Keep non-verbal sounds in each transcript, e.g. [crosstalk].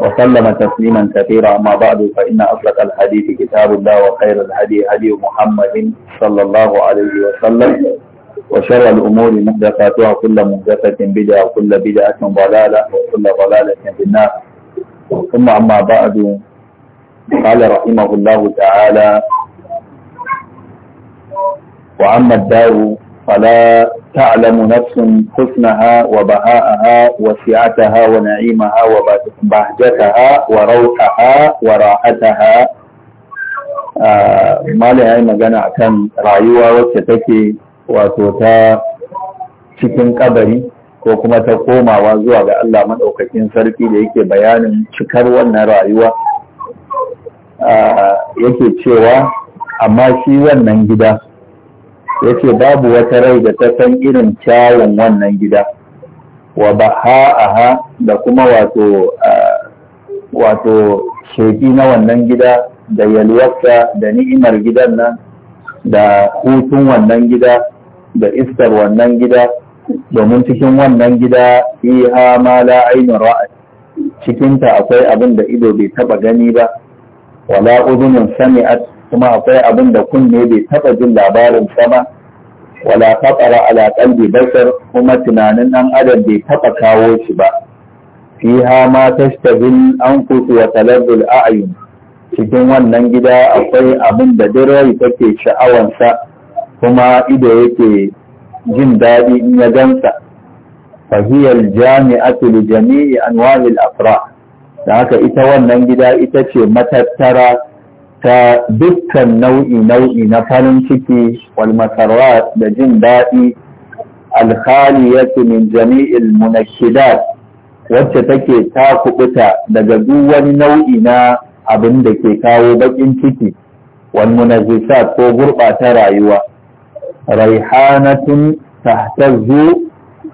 وسلم تسليما كثيرا أما بعد فإن أصدق الحديث كتاب الله وخير الهدي هدي محمد صلى الله عليه وسلم وشر الأمور محدثاتها كل محدثة بدعة وكل بدعة ضلالة وكل ضلالة في النار ثم أما بعد قال رحمه الله تعالى وعما الدار فلا تعلم نفس حسنها وبهاءها وسعتها ونعيمها وبهجتها وروحها وراحتها ما ya yi magana akan rayuwa wacce take wato ta cikin kabari ko kuma ta komawa zuwa ga Allah maɗaukakin sarki da yake bayanin cikar wannan rayuwa yake cewa amma shi wannan gida yace babu wata rai da ta san irin kyawun wannan gida wa aha da kuma wato sheki na wannan gida da yalwarsa da ni'imar gidan nan da hutun wannan gida da iskar wannan gida domin cikin wannan gida ha ma la ainu cikinta akwai abin da ido bai taba gani ba wala uzunin sami'at kuma akwai abin da kunne bai taɓa jin labarin sama ba wala faɗara ala kuma tunanin ɗan adam bai taɓa kawo shi ba fiha ma an kusu wa talazzul a'yun cikin wannan gida akwai abin da dirai take sha'awansa kuma ido yake jin daɗi in ya gansa fahiyar jami'atu li jami'i anwa'il afra da haka ita wannan gida ita ce matattara ta dukkan nau'i nau'i na farin ciki walmasarwa da jin daɗi alkhaliyatu min jami'il munakkidat wacce take ta kubuta daga duk wani nau'i na abin da ke kawo baƙin ciki wal ko gurɓata rayuwa raihanatun tahtazzu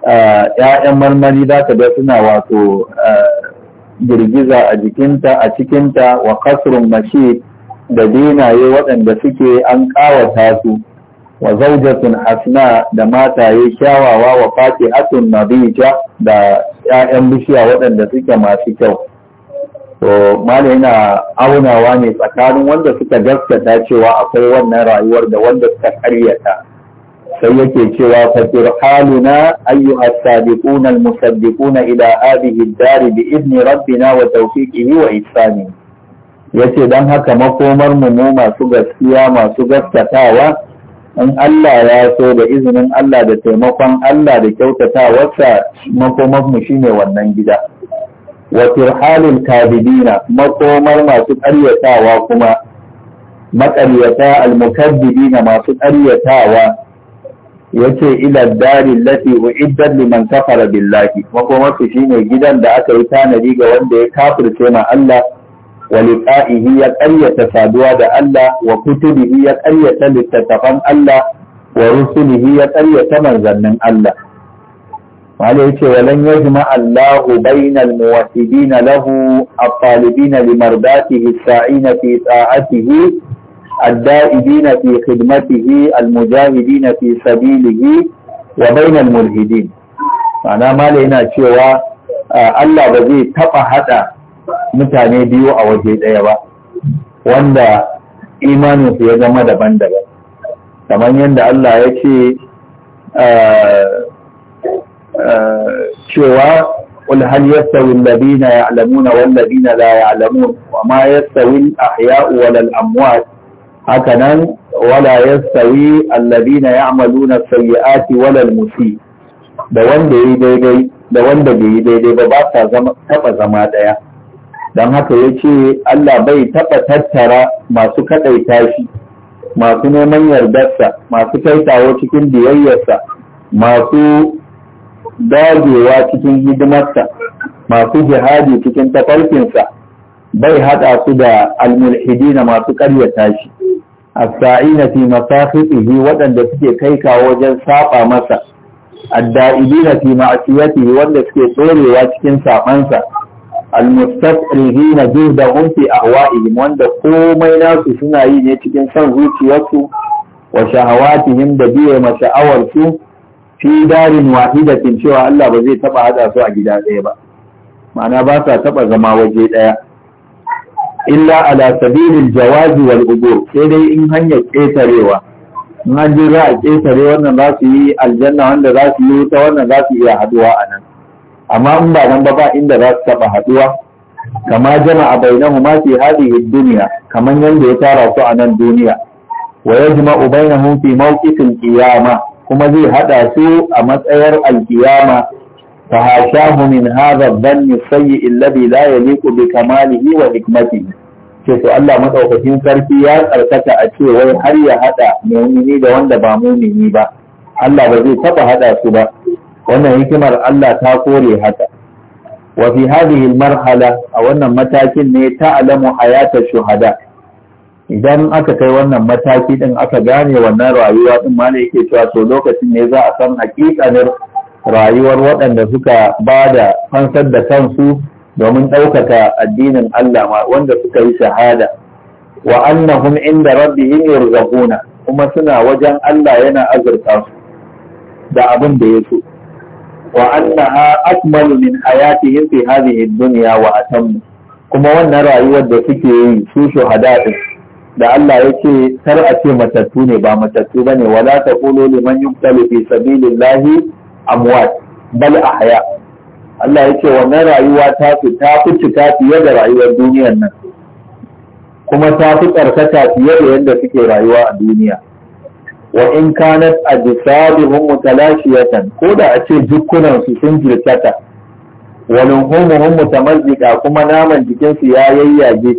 eh, ‘ya'yan marmari za ka ga suna wato eh, girgiza a jikinta a cikinta wa kasrun mashi da dinaye waɗanda suke an ƙawata su wa zaujatun hasna da mataye kyawawa wa faqihatun nabija da 'ya'yan bishiya waɗanda suke masu kyau to mala yana aunawa ne tsakanin wanda suka gaskata cewa akwai wannan rayuwar da wanda suka karyata sai yake cewa fa firhaluna ayyuha as-sabiquna al ila hadhihi ad-dar bi idni rabbina wa tawfiqihi wa ihsanihi yace don haka makomar mu mu masu gaskiya masu gaskatawa in Allah ya so da izinin Allah da taimakon Allah da kyautatawarsa makomar mu shine wannan gida wa firhalil kadibina makomar masu ƙaryatawa kuma maƙaryata almukaddibina masu ƙaryatawa yace ila dari lati uiddat liman kafara billahi makomar su shine gidan da aka yi tanadi ga wanda ya kafirce ma Allah wa liqa'ihi ya ƙaryata saduwa da Allah wa kutubihi ya ƙaryata littattafan Allah wa rusulihi ya ƙaryata manzannin Allah wale yace walan yajma Allahu bainal muwahhidin lahu at-talibin limardatihi saina fi ta'atihi الدائبين في خدمته المجاهدين في سبيله وبين الملحدين ma'ana mala yana cewa ah, Allah ba zai taɓa haɗa mutane biyu a waje ɗaya ba wanda imaninsu ya zama daban-daban kamar yadda Allah ya ce ah, ah, cewa قل هل يستوي الذين يعلمون والذين لا يعلمون وما يستوي الأحياء ولا الأموات هكذا ولا يستوي الذين يعملون السيئات ولا المسيء da wanda yi daidai da wanda bai yi daidai ba ba sa taba zama daya don haka ya ce Allah bai taɓa tattara masu kaɗaita shi masu neman yardarsa masu kaitawa cikin biyayyarsa masu dagewa cikin hidimarsa masu jihadi cikin tafarkinsa bai haɗa su da almulhidina masu ƙaryata shi as-sa'ina fi masafihi waɗanda suke kai kawo wajen saba masa ad-da'ibina fi ma'siyatihi wanda suke tsorewa cikin sabansa almustasrihina juhdahum fi ahwa'ihim wanda komai nasu suna yi ne cikin son zuciyarsu wa shahawatihim da biye masha'awar su fi darin wahidatin cewa Allah ba zai taba hada su a gida ɗaya ba ma'ana ba sa taba zama waje ɗaya illa ala sabilil jawazi wal ubur sai dai in hanyar ƙetarewa in an za a ƙetare wannan za su yi aljanna wanda za su yi wuta wannan za su iya haduwa a nan amma in ba nan ba ba inda za su taɓa haɗuwa? kama jama'a bainahuma mafi hadhihi duniya kamar yadda ya tara su a nan duniya wa yajma'u bainahum fi mawqifil qiyama kuma zai haɗa su a matsayar alkiyama fa hashahu min hadha dhanni sayyi alladhi la yaliqu bi kamalihi wa hikmatihi ce to Allah madaukakin sarki ya tsarkata a ce wai har ya haɗa mu'mini da wanda ba mu'mini ba Allah ba zai taɓa haɗa su ba wannan hikimar Allah ta kore haka wa fi hadhihi marhala a wannan matakin ne ta alamu hayata shuhada idan aka kai wannan mataki din aka gane wannan rayuwa din ma ne yake cewa to lokacin ne za a san hakikanin rayuwar waɗanda suka ba da fansar da kansu domin ɗaukaka addinin Allah wanda suka yi shahada wa annahum inda rabbihim yurzaquna kuma suna wajen Allah yana azurta su da abin da ya so wa annaha akmalu min hayatihim fi hadhihi ad-dunya wa atammu kuma wannan rayuwar da suke yi su shuhada da Allah yake kar a ce matattu ne ba matattu bane wala taqulu liman yuqtalu fi sabilillahi amwat bal ahya Allah yake wannan rayuwa ta fi ta fi cika fiye da rayuwar duniyar nan kuma ta fi tsarkaka fiye da yadda suke rayuwa a duniya wa in kanat ajsaduhum mutalashiyatan ko da a ce dukkunan su sun jirkata wa luhumuhum mutamazziqa kuma naman jikin su ya yayyage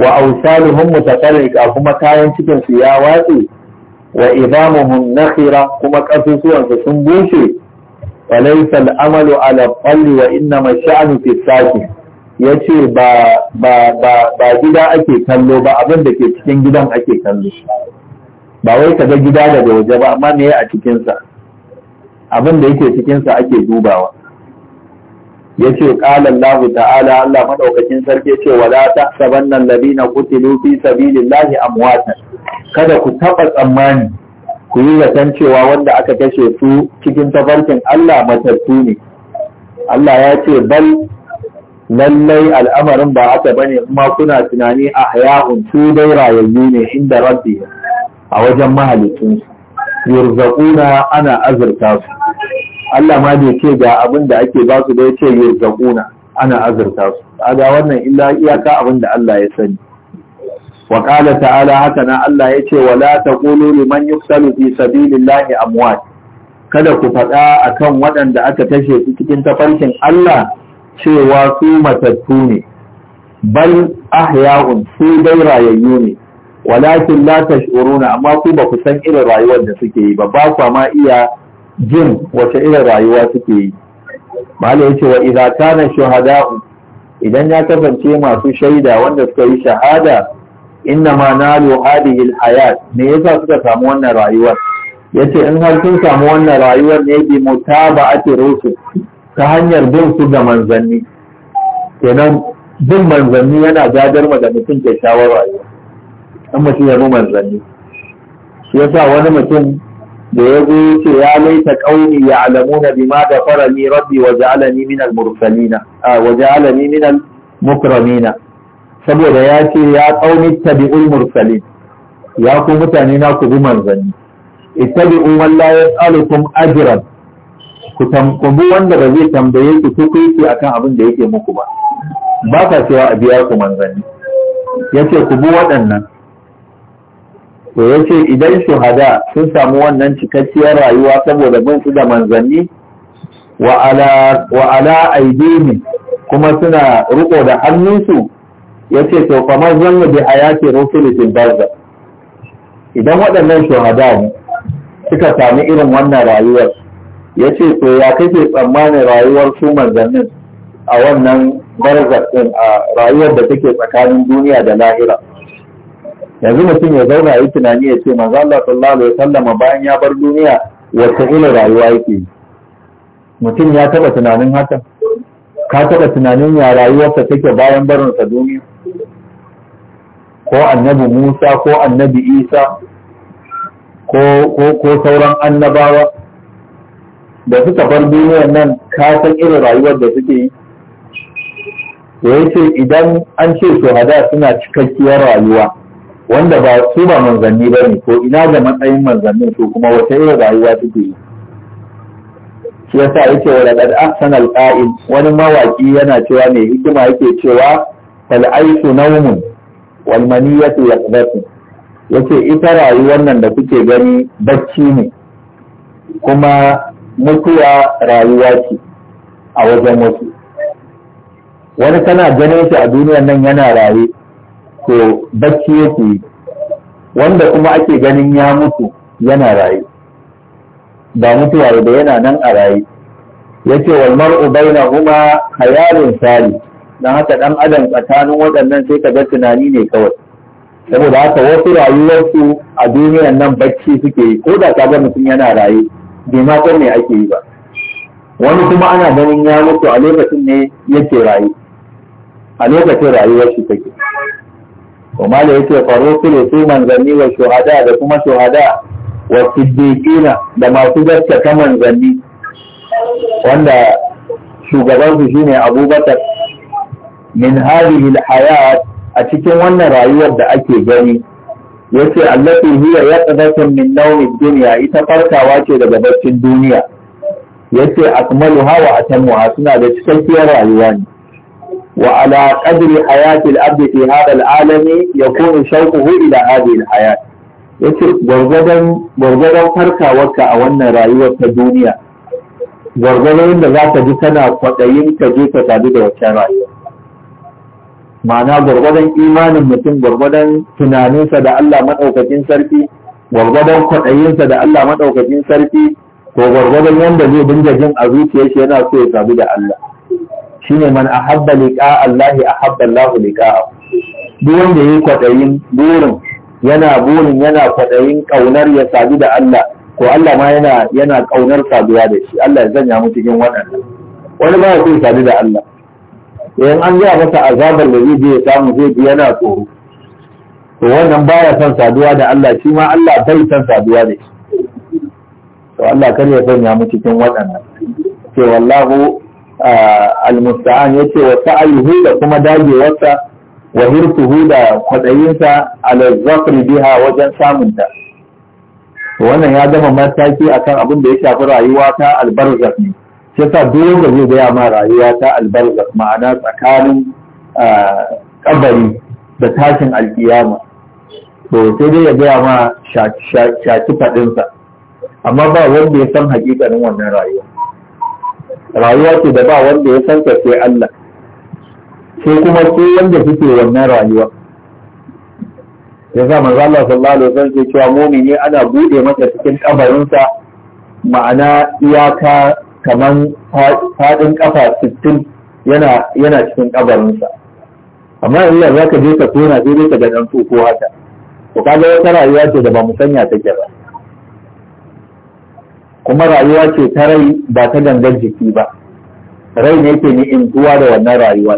wa awsaluhum mutafarriqa kuma kayan cikin su ya watse wa idamuhum nakhira kuma kasusuwan su sun bushe wa laysa amalu ala qalli wa innama sha'nu fi sakin yace ba ba gida ake kallo ba abin da ke cikin gidan ake kallo ba wai ka ga gida daga waje ba amma me a cikinsa abin da yake cikinsa ake dubawa ya ce ƙalallahu ta'ala Allah Madaukakin sarki ce wa la tahsaban nan ladina qutilu fi sabilillahi amwatan kada ku taɓa tsammani ku yi zaton cewa wanda aka kashe su cikin tafarkin Allah matattu ne Allah ya ce bal lallai al'amarin ba haka bane kuma kuna tunani hayahun su dai rayayyu ne inda rabbihim a wajen mahalicinsu yurzaquna ana azurta su Allah ma bai ce ga abin da ake ba su da yace yurzaquna ana azurta su kaga wannan illa iyaka abin da Allah ya sani wa qala ta'ala haka na Allah yace wala taqulu liman yuksalu fi sabilillahi amwat kada ku faɗa a kan waɗanda aka tashe su cikin tafarkin Allah cewa su matattu ne bal ahya'un su dai rayayyu ne walakin la tashuruna amma ku ba ku san irin rayuwar da suke yi ba ba ku ma iya jin wace irin rayuwa suke yi mala yace wa idza kana shuhada'u idan ya kasance masu shaida wanda suka yi shahada inna ma nalu hadhihi alhayat me yasa suka samu wannan rayuwar yace in har sun samu wannan rayuwar ne bi mutaba'ati rusul ta hanyar bin su ga manzanni kenan bin manzanni yana gadar da mutum kyakkyawar rayuwa An mutum ya bi manzanni shi yasa wani mutum da ya zo ya ce ya laita ƙauni ya alamu ghafara li rabbi wa ni min al-mursalina wa ja'alani min al-mukramina saboda ya ce ya qaumi tabi'ul mursalin ya ku mutane na ku bi manzanni ittabi'u man la yas'alukum ajran ku tamkubu wanda ba zai tambaye ku tukuyi akan abin da yake muku ba ba ka cewa a biya ku manzanni yace ku bi waɗannan to ce idan shuhada sun samu wannan cikakkiyar rayuwa saboda bin su da manzanni wa ala kuma suna riko da hannunsu ya ce to kamar zanna bi a yake rufin idan waɗannan shuhada ne suka sami irin wannan rayuwar ya ce to ya kake tsammanin rayuwar su manzannin a wannan barzakin a rayuwar da take tsakanin duniya da lahira yanzu mutum ya zauna yi tunani ya ce manzo Allah sallallahu alaihi wasallam bayan ya bar duniya wata irin rayuwa yake mutum ya taba tunanin haka ka taba tunanin ya rayuwarsa take bayan barinsa duniya ko annabi Musa ko annabi Isa ko ko ko sauran annabawa da suka bar duniyar nan ka san irin rayuwar da suke yi Ya yace idan an ce shuhada suna cikakkiyar rayuwa wanda ba su ba manzanni ba ne ko ina da matsayin manzanni su kuma wata irin rayuwa suke yi shi yasa yake wa laqad ahsana alqa'il wani mawaki yana cewa mai hikima yake cewa fal aisu nawmun wal maniyatu yaqdatu yace ita rayuwar nan da kuke gani bacci ne kuma mutuwa rayuwa ce a wajen wasu wani kana ganin shi a duniyar nan yana raye to bacci yake yi. wanda kuma ake ganin ya mutu yana raye ba mutuwa da yana nan a raye yace wal mar'u kuma hayarin sali dan haka dan adam tsakanin waɗannan sai ka ga tunani ne kawai saboda haka wasu rayuwarsu a duniyar nan bacci suke yi ko da kaga mutum yana raye bai ma san me ake yi ba wani kuma ana ganin ya mutu a lokacin ne yake raye a lokacin rayuwar shi take kuma da yake faru su su manzanni wa shuhada da kuma shuhada wa siddiqina da masu gaskata manzanni wanda shugaban su shine abubakar min hadhihi alhayat a cikin wannan rayuwar da ake gani yace allati hiya yaqdatun min nawmi dunya ita farkawa ce daga baccin duniya yace akmaluha wa atammuha suna da cikakkiyar rayuwa ne وعلى قدر حياة الأب في هذا العالم يكون شوقه إلى هذه الحياة yace gwargwadon farkawarka a wannan rayuwar ta duniya gwargwadon da za ka ji tana kwaɗayin ka je ka sadu da wacce rayuwa ma'ana gwargwadon imanin mutum gwargwadon tunaninsa da Allah maɗaukakin sarki gwargwadon kwaɗayinsa da Allah maɗaukakin sarki ko gwargwadon yadda zai dinga jin a zuciyar shi yana so ya sadu da Allah shine man ahabba liqa Allah ahabba Allah liqa'ahu duk wanda yayi kwadayin burin yana burin yana kwadayin kaunar ya sadu da Allah ko Allah ma yana yana kaunar saduwa da shi Allah ya zanya mu cikin waɗannan wani ba ya so sadu da Allah in an ga masa azabar da zai ya samu zai ji yana tsoro to wannan baya son saduwa da Allah shi ma Allah bai son saduwa da shi to Allah kar ya sanya mu cikin waɗannan ce wallahu al-musta'an yace wa sa'ayuhu da kuma dagewarsa wa hirsuhu da kwadayinsa al zafri biha wajen samunta wannan ya zama mataki akan abin da ya shafi rayuwa ta albarzak ne shi yasa duk da zai gaya ma rayuwa ta albarzak ma'ana tsakanin kabari da tashin alkiyama to sai dai ya gaya ma shaki faɗinsa amma ba wanda ya san hakikanin wannan rayuwa rayuwa ce da ba wanda ya san sai Allah sai kuma sai wanda suke wannan rayuwa ya za manzo Allah sallallahu alaihi wasallam ke cewa mumini ana bude masa cikin kabarinsa ma'ana iyaka kaman fadin kafa 60 yana yana cikin kabarinsa amma in za ka je ka tona zai ka ga dan ko haka to wata rayuwa ce da ba mu sanya take ba kuma rayuwa ce ta rai ba ta gangan jiki ba rai ne ke in ni'intuwa da wannan rayuwa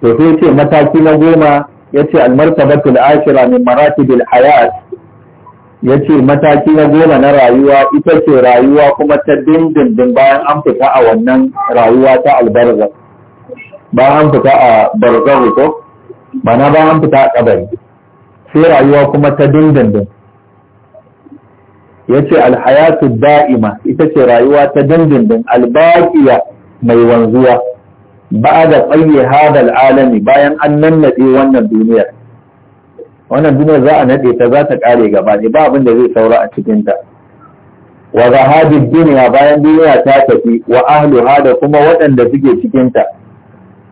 to sai ce mataki na goma ya ce almartabatul ashira min maratibil hayat ya ce mataki na goma na rayuwa ita ce rayuwa kuma ta dindindin bayan an fita a wannan rayuwa ta albarza bayan an fita a barzan ko na bayan an fita a kabari sai rayuwa kuma ta dindindin Ya ce alhayatu da'ima ita ce rayuwa ta dindindin albaqiya mai wanzuwa Ba da tsaye hadal alami bayan an nannade wannan duniyar wannan duniyar za a naɗe ta za ta kare gaba ne ba abin da zai saura a cikinta. wa zahadid dunya bayan duniya ta tafi wa ahlu hada kuma waɗanda suke cikin ta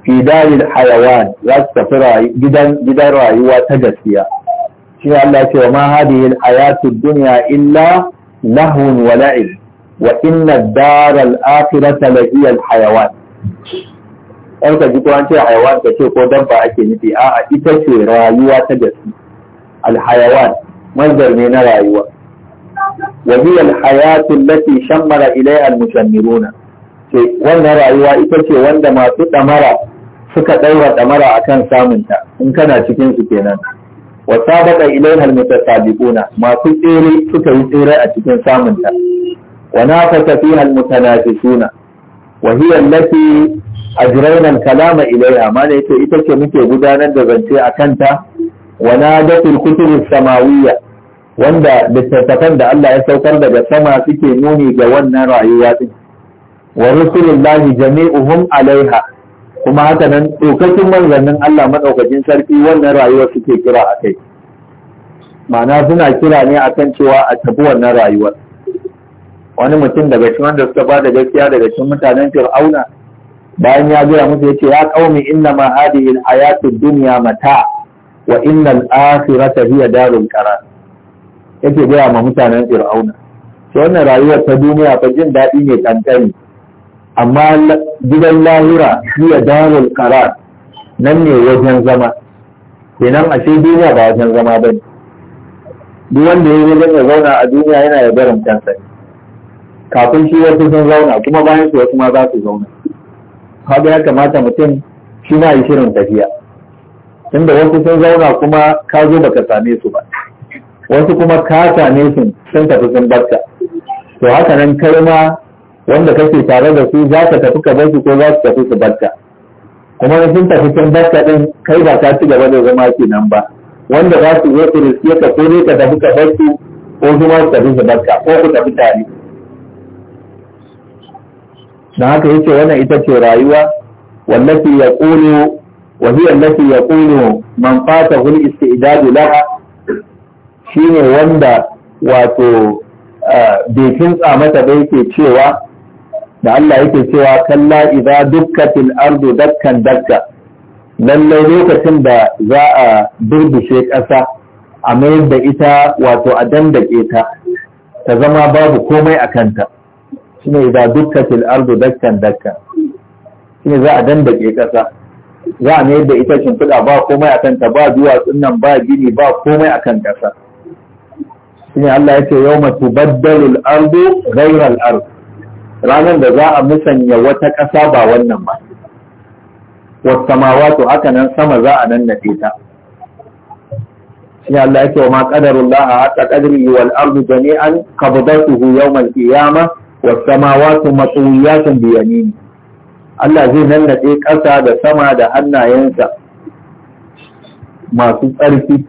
fi hayawan za su tafi gidan rayuwa ta gaskiya shi Allah ce wa ma hadihi al-hayatu dunya illa lahun wa la'ib wa inna ad-dar al-akhirata la hiya al-hayawan an ka ji ko an ce hayawan ka ce ko dabba ake nufi a'a ita ce rayuwa ta gaske al-hayawan manzar ne na rayuwa wa hiya al-hayatu allati shammara ilayha al-mushammiruna ce wannan rayuwa ita ce wanda masu damara suka ɗaura ɗamara a kan samunta in kana su kenan wa sabaqa ilayha almutasabiquna masu tsere suka yi tsere a cikin samunta wa nafasa fiha almutanafisuna wa hiya allati ajrayna alkalama ilayha ne yace ita ce muke gudanar da zance a kanta wa nadatul kutub samawiyya wanda littattafan da Allah ya saukar daga sama suke nuni ga wannan rayuwa din wa rusulullahi jami'uhum alaiha kuma haka nan tsokakin manzannin Allah maɗaukacin sarki wannan rayuwar suke kira a kai ma'ana suna kira ne akan cewa a tafi wannan rayuwar wani mutum daga cikin wanda suka ba da gaskiya daga cikin mutanen fir'auna bayan ya gaya musu ya ce ya qaumi inna ma hadhihi al dunya mata wa innal akhirata hiya darul qarar yake gaya ma mutanen fir'auna sai wannan rayuwar ta duniya fa jin daɗi ne kankani amma gidan lahira shi ya darul kara nan ne wajen zama kenan ashe duniya ba wajen zama ba ne duk wanda ya zo ya zauna a duniya yana da barin kansa kafin shi wasu sun zauna kuma bayan su wasu ma za su zauna haka ya kamata mutum shi ma yi shirin tafiya inda wasu sun zauna kuma ka zo baka same su ba wasu kuma ka same su sun tafi sun barka to haka nan kai ma wanda kake tare da su za ka tafi ka barci ko za su tafi su barka kuma da sun tafi sun barka din kai ba ka ci gaba da zama nan ba wanda za su zo su riske ka ko ne ka tafi ka barci ko kuma su tafi su barka ko ku tafi tare dan haka yace wannan ita ce rayuwa ya qulu wa hiya allati yaqulu man fata hul istidad laha shine wanda wato ah, bai kintsa mata da yake cewa da Allah yake cewa kalla idza dukkatil ardu dakkan dakka lallai lokacin da za a burbushe ƙasa a mayar da ita wato a dandake ta ta zama babu komai a kanta shine idza dukkatil ardu dakkan dakka shine za a dandake ƙasa za a mayar da ita shimfiɗa ba komai a kanta ba duwatsun nan ba gini ba komai a kan ƙasa shine Allah ya ce yawma tubaddalu al-ardu ghayra al-ardu ranar da za a musanya wata ƙasa ba wannan ba wasamawatu haka nan sama za a nan nafe ta shi Allah yake wa ma qadarullah haqa qadri wal ardu jami'an qabdatuhu yawm al qiyamah was samawati matwiyatun bi yamini Allah zai nan nafe ƙasa da sama da hannayensa masu tsarki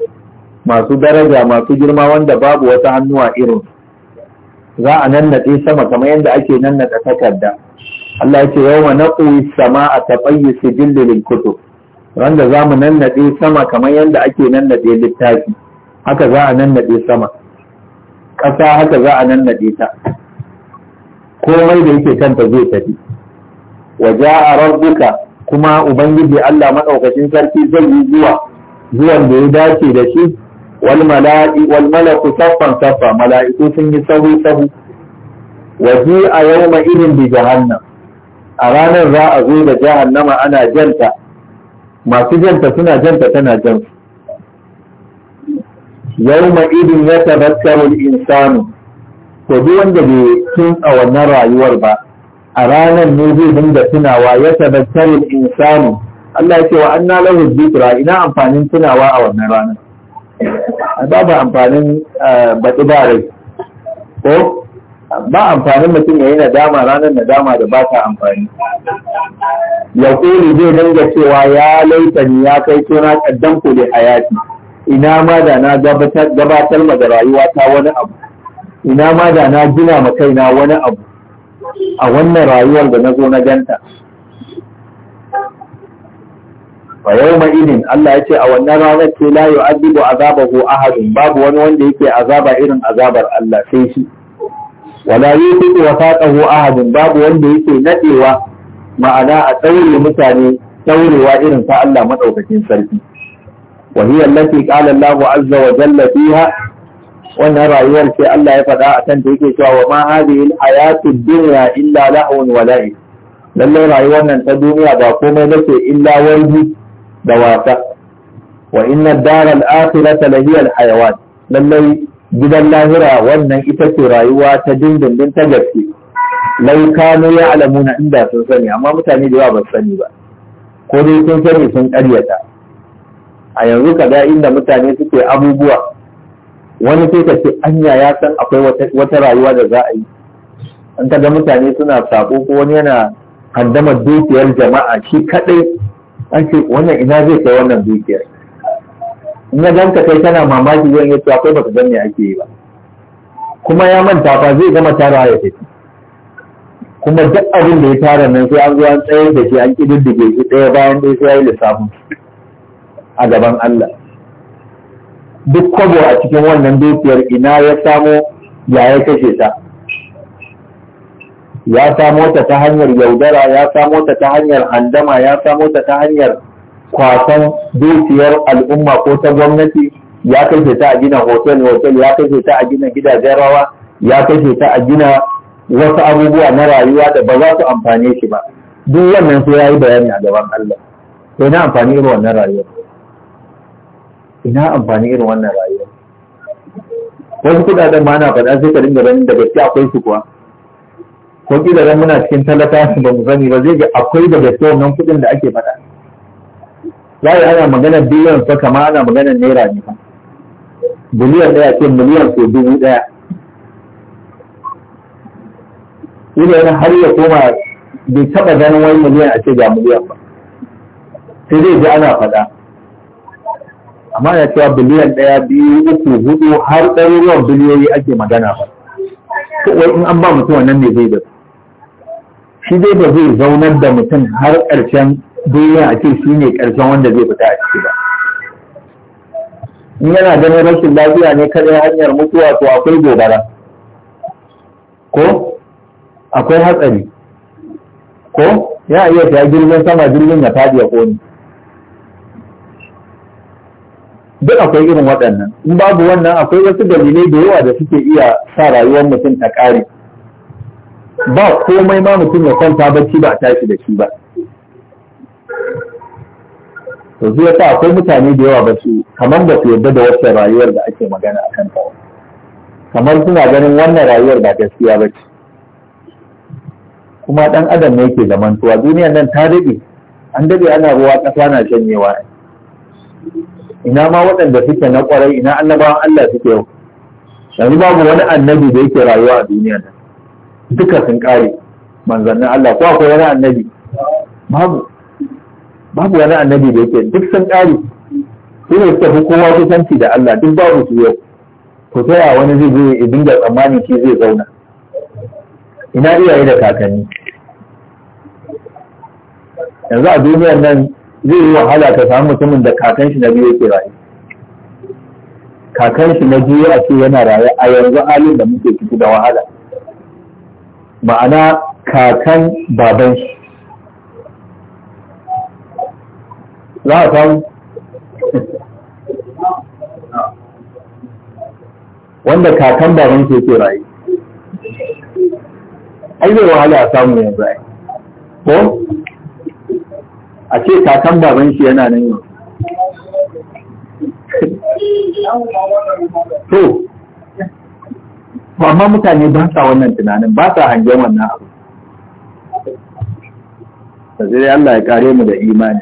masu daraja masu girma wanda babu wata hannuwa irinsu za a nannaɗe sama kamar yadda ake nannaɗa takarda Allah ya ce yawma naqwi sama'a taqayyi su lil kutub wanda za mu nannaɗe sama kamar yadda ake nannaɗe littafi haka za a nannaɗe sama ƙasa haka za a nannaɗe ta komai da yake kanta zai tafi wa a rabbuka kuma ubangiji Allah maɗaukacin sarki zai yi zuwa zuwan da ya dace da shi wal mala'i wal malaku saffan saffa mala'iku sun yi sahu sahu waji a yawma irin bi jahannam a ranar za a zo da jahannama ana janta masu janta suna janta tana janta yawma idin ya tabakkaru insanu to duk wanda bai tun a wannan rayuwar ba a ranar ne zai dinga tunawa ya tabakkaru insanu Allah ya ce wa anna lahu dhikra ina amfanin tunawa a wannan ranar babu amfanin eh, baɗi ba rai ko ba amfanin mutum ya yi na dama ranar nadama da ba ta amfani ya kuli zai dinga cewa ya laifani ya kai tona kaddan kuɗi a hayati ina ma da na gabatar ma da rayuwa ta wani abu ina ma da na gina ma kaina wani abu a wannan rayuwar da na zo na ganta fa yawma idin Allah yace a wannan ranar ce la yu'adibu azabahu ahadun babu wani wanda yake azaba irin azabar Allah sai shi wala yusiku wasaqahu ahadun babu wanda yake nadewa ma'ana a tsaure mutane taurewa irin ta Allah madaukakin sarki wa hiya allati qala Allah azza wa jalla fiha wannan rayuwar ce Allah ya faɗa a kanta yake cewa wa ma hadhihi al-hayatu dunya illa lahun wa la'ib Lallai rayuwar nan ta duniya ba komai nake illa warji da wasa wa inna daral akhirata la hiya al hayawan lallai gidan lahira wannan ita ce rayuwa ta dindindin ta gaske lai kano ya alamuna inda sun sani amma mutane da yawa ba sani ba ko dai sun sani sun karyata a yanzu ka ga inda mutane suke abubuwa wani sai ka ce anya ya san akwai wata rayuwa da za a yi an ka ga mutane suna sako ko wani yana kaddamar dukiyar jama'a shi kaɗai. an ce wannan ina zai kai wannan dukiyar Ina dan ka kai kana mamaki zan yi cewa kai baka gan me ake yi ba kuma ya manta fa zai gama tara ya tafi kuma duk abin da ya tara nan sai an zo an tsayar da shi an kididdige shi ɗaya bayan ɗaya sai ya yi lissafin a gaban Allah duk kwabo a cikin wannan dukiyar ina ya samo ya ya kashe ta ya samo ta ta hanyar yaudara ya samo ta ta hanyar handama ya samo ta ta hanyar kwasan dukiyar al'umma ko ta gwamnati ya kashe ta a gina hotel hotel ya kashe ta a gina gidajen rawa ya kashe ta a gina wasu abubuwa na rayuwa da ba za su amfane shi ba duk wannan sai ya yi bayani a gaban Allah to ina amfani irin wannan rayuwar ina amfani irin wannan rayuwar wasu kudaden ma na faɗa sai ka dinga ganin da gaske akwai su kuwa ko kila dan muna cikin talaka ba mu sani ba zai ga akwai daga cikin nan kuɗin da ake faɗa yi ana magana biliyan fa kama ana magana naira ne biliyan ɗaya ce miliyan ko dubu ɗaya ina yana har ya koma bai taɓa ganin wani miliyan a ce ga miliyan ba sai zai ji ana faɗa amma ya cewa biliyan ɗaya biyu uku hudu har ɗaruruwan biliyoyi ake magana ba wai in an ba mutum wannan ne zai da su shi dai ba zai zaunar da mutum har ƙarshen duniya a ce shi ne ƙarshen wanda zai fita a ciki ba in yana ganin rashin lafiya ne kadai hanyar mutuwa to akwai gobara ko akwai hatsari ko ya iya ta jirgin sama jirgin ya faɗi ya ƙone duk akwai irin waɗannan in babu wannan akwai wasu dalilai da yawa da suke iya sa rayuwar mutum ta ƙare ba komai ma mutum ya kwanta bacci ba a tashi da shi ba to zai sa akwai mutane da yawa ba su kamar ba su yarda da wata rayuwar da ake magana a kanta kamar suna ganin wannan rayuwar ba gaskiya ba ce kuma ɗan adam ne yake tuwa duniyar nan ta daɗe an daɗe ana ruwa ƙasa na janyewa ina ma waɗanda suke na ƙwarai ina annabawan Allah suke yau yanzu babu wani annabi da yake rayuwa a duniyar nan duka sun kare manzannin Allah ko akwai wani annabi babu babu wani annabi da yake duk sun kare su ne suka fi kowa kusanci da Allah duk babu su yau to ta a wani zai zai ya dinga tsammanin shi zai zauna ina iyaye da kakanni yanzu a duniyar nan zai yi wahala ka samu mutumin da kakan shi na biyu yake rayu kakan shi na biyu a ce yana raye a yanzu halin da muke ciki da wahala ma'ana kakan baban shi za a samu wanda kakan baban shi ke rayu ai zai wahala a samu yanzu yi ko a ce kakan baban shi yana nan yau [laughs] to to amma mutane ba sa wannan tunanin ba sa hangen wannan abu sai Allah ya kare mu da imani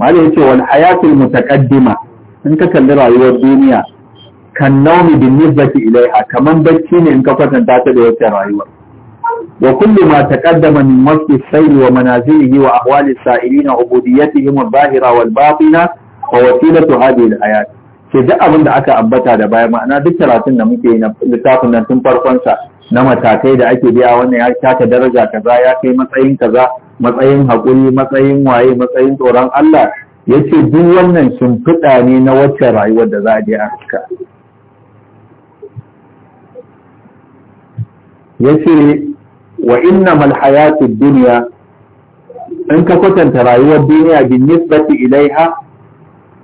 malai yace wal hayatul mutaqaddima in ka kalli rayuwar duniya kan naumi bin nisbati ilaiha kaman bacci ne in ka kwatanta ta da wata rayuwa wa kullu ma taqaddama min wasfi sayl wa manazilihi wa ahwali sa'ilina ubudiyatihim al-bahira wal batina wa wasilatu hadhihi al-hayat Ke duk abin da aka ambata da baya ma'ana duk karatun da muke na littafin nan tun farkonsa na matakai da ake biya wannan ya taka daraja kaza ya kai matsayin kaza matsayin haƙuri matsayin waye matsayin tsoron Allah ya ce duk wannan shimfiɗa ne na wacce rayuwar da za a je a cika ya wa inna malhayatu duniya in ka kwatanta rayuwar duniya bin nisbati ilaiha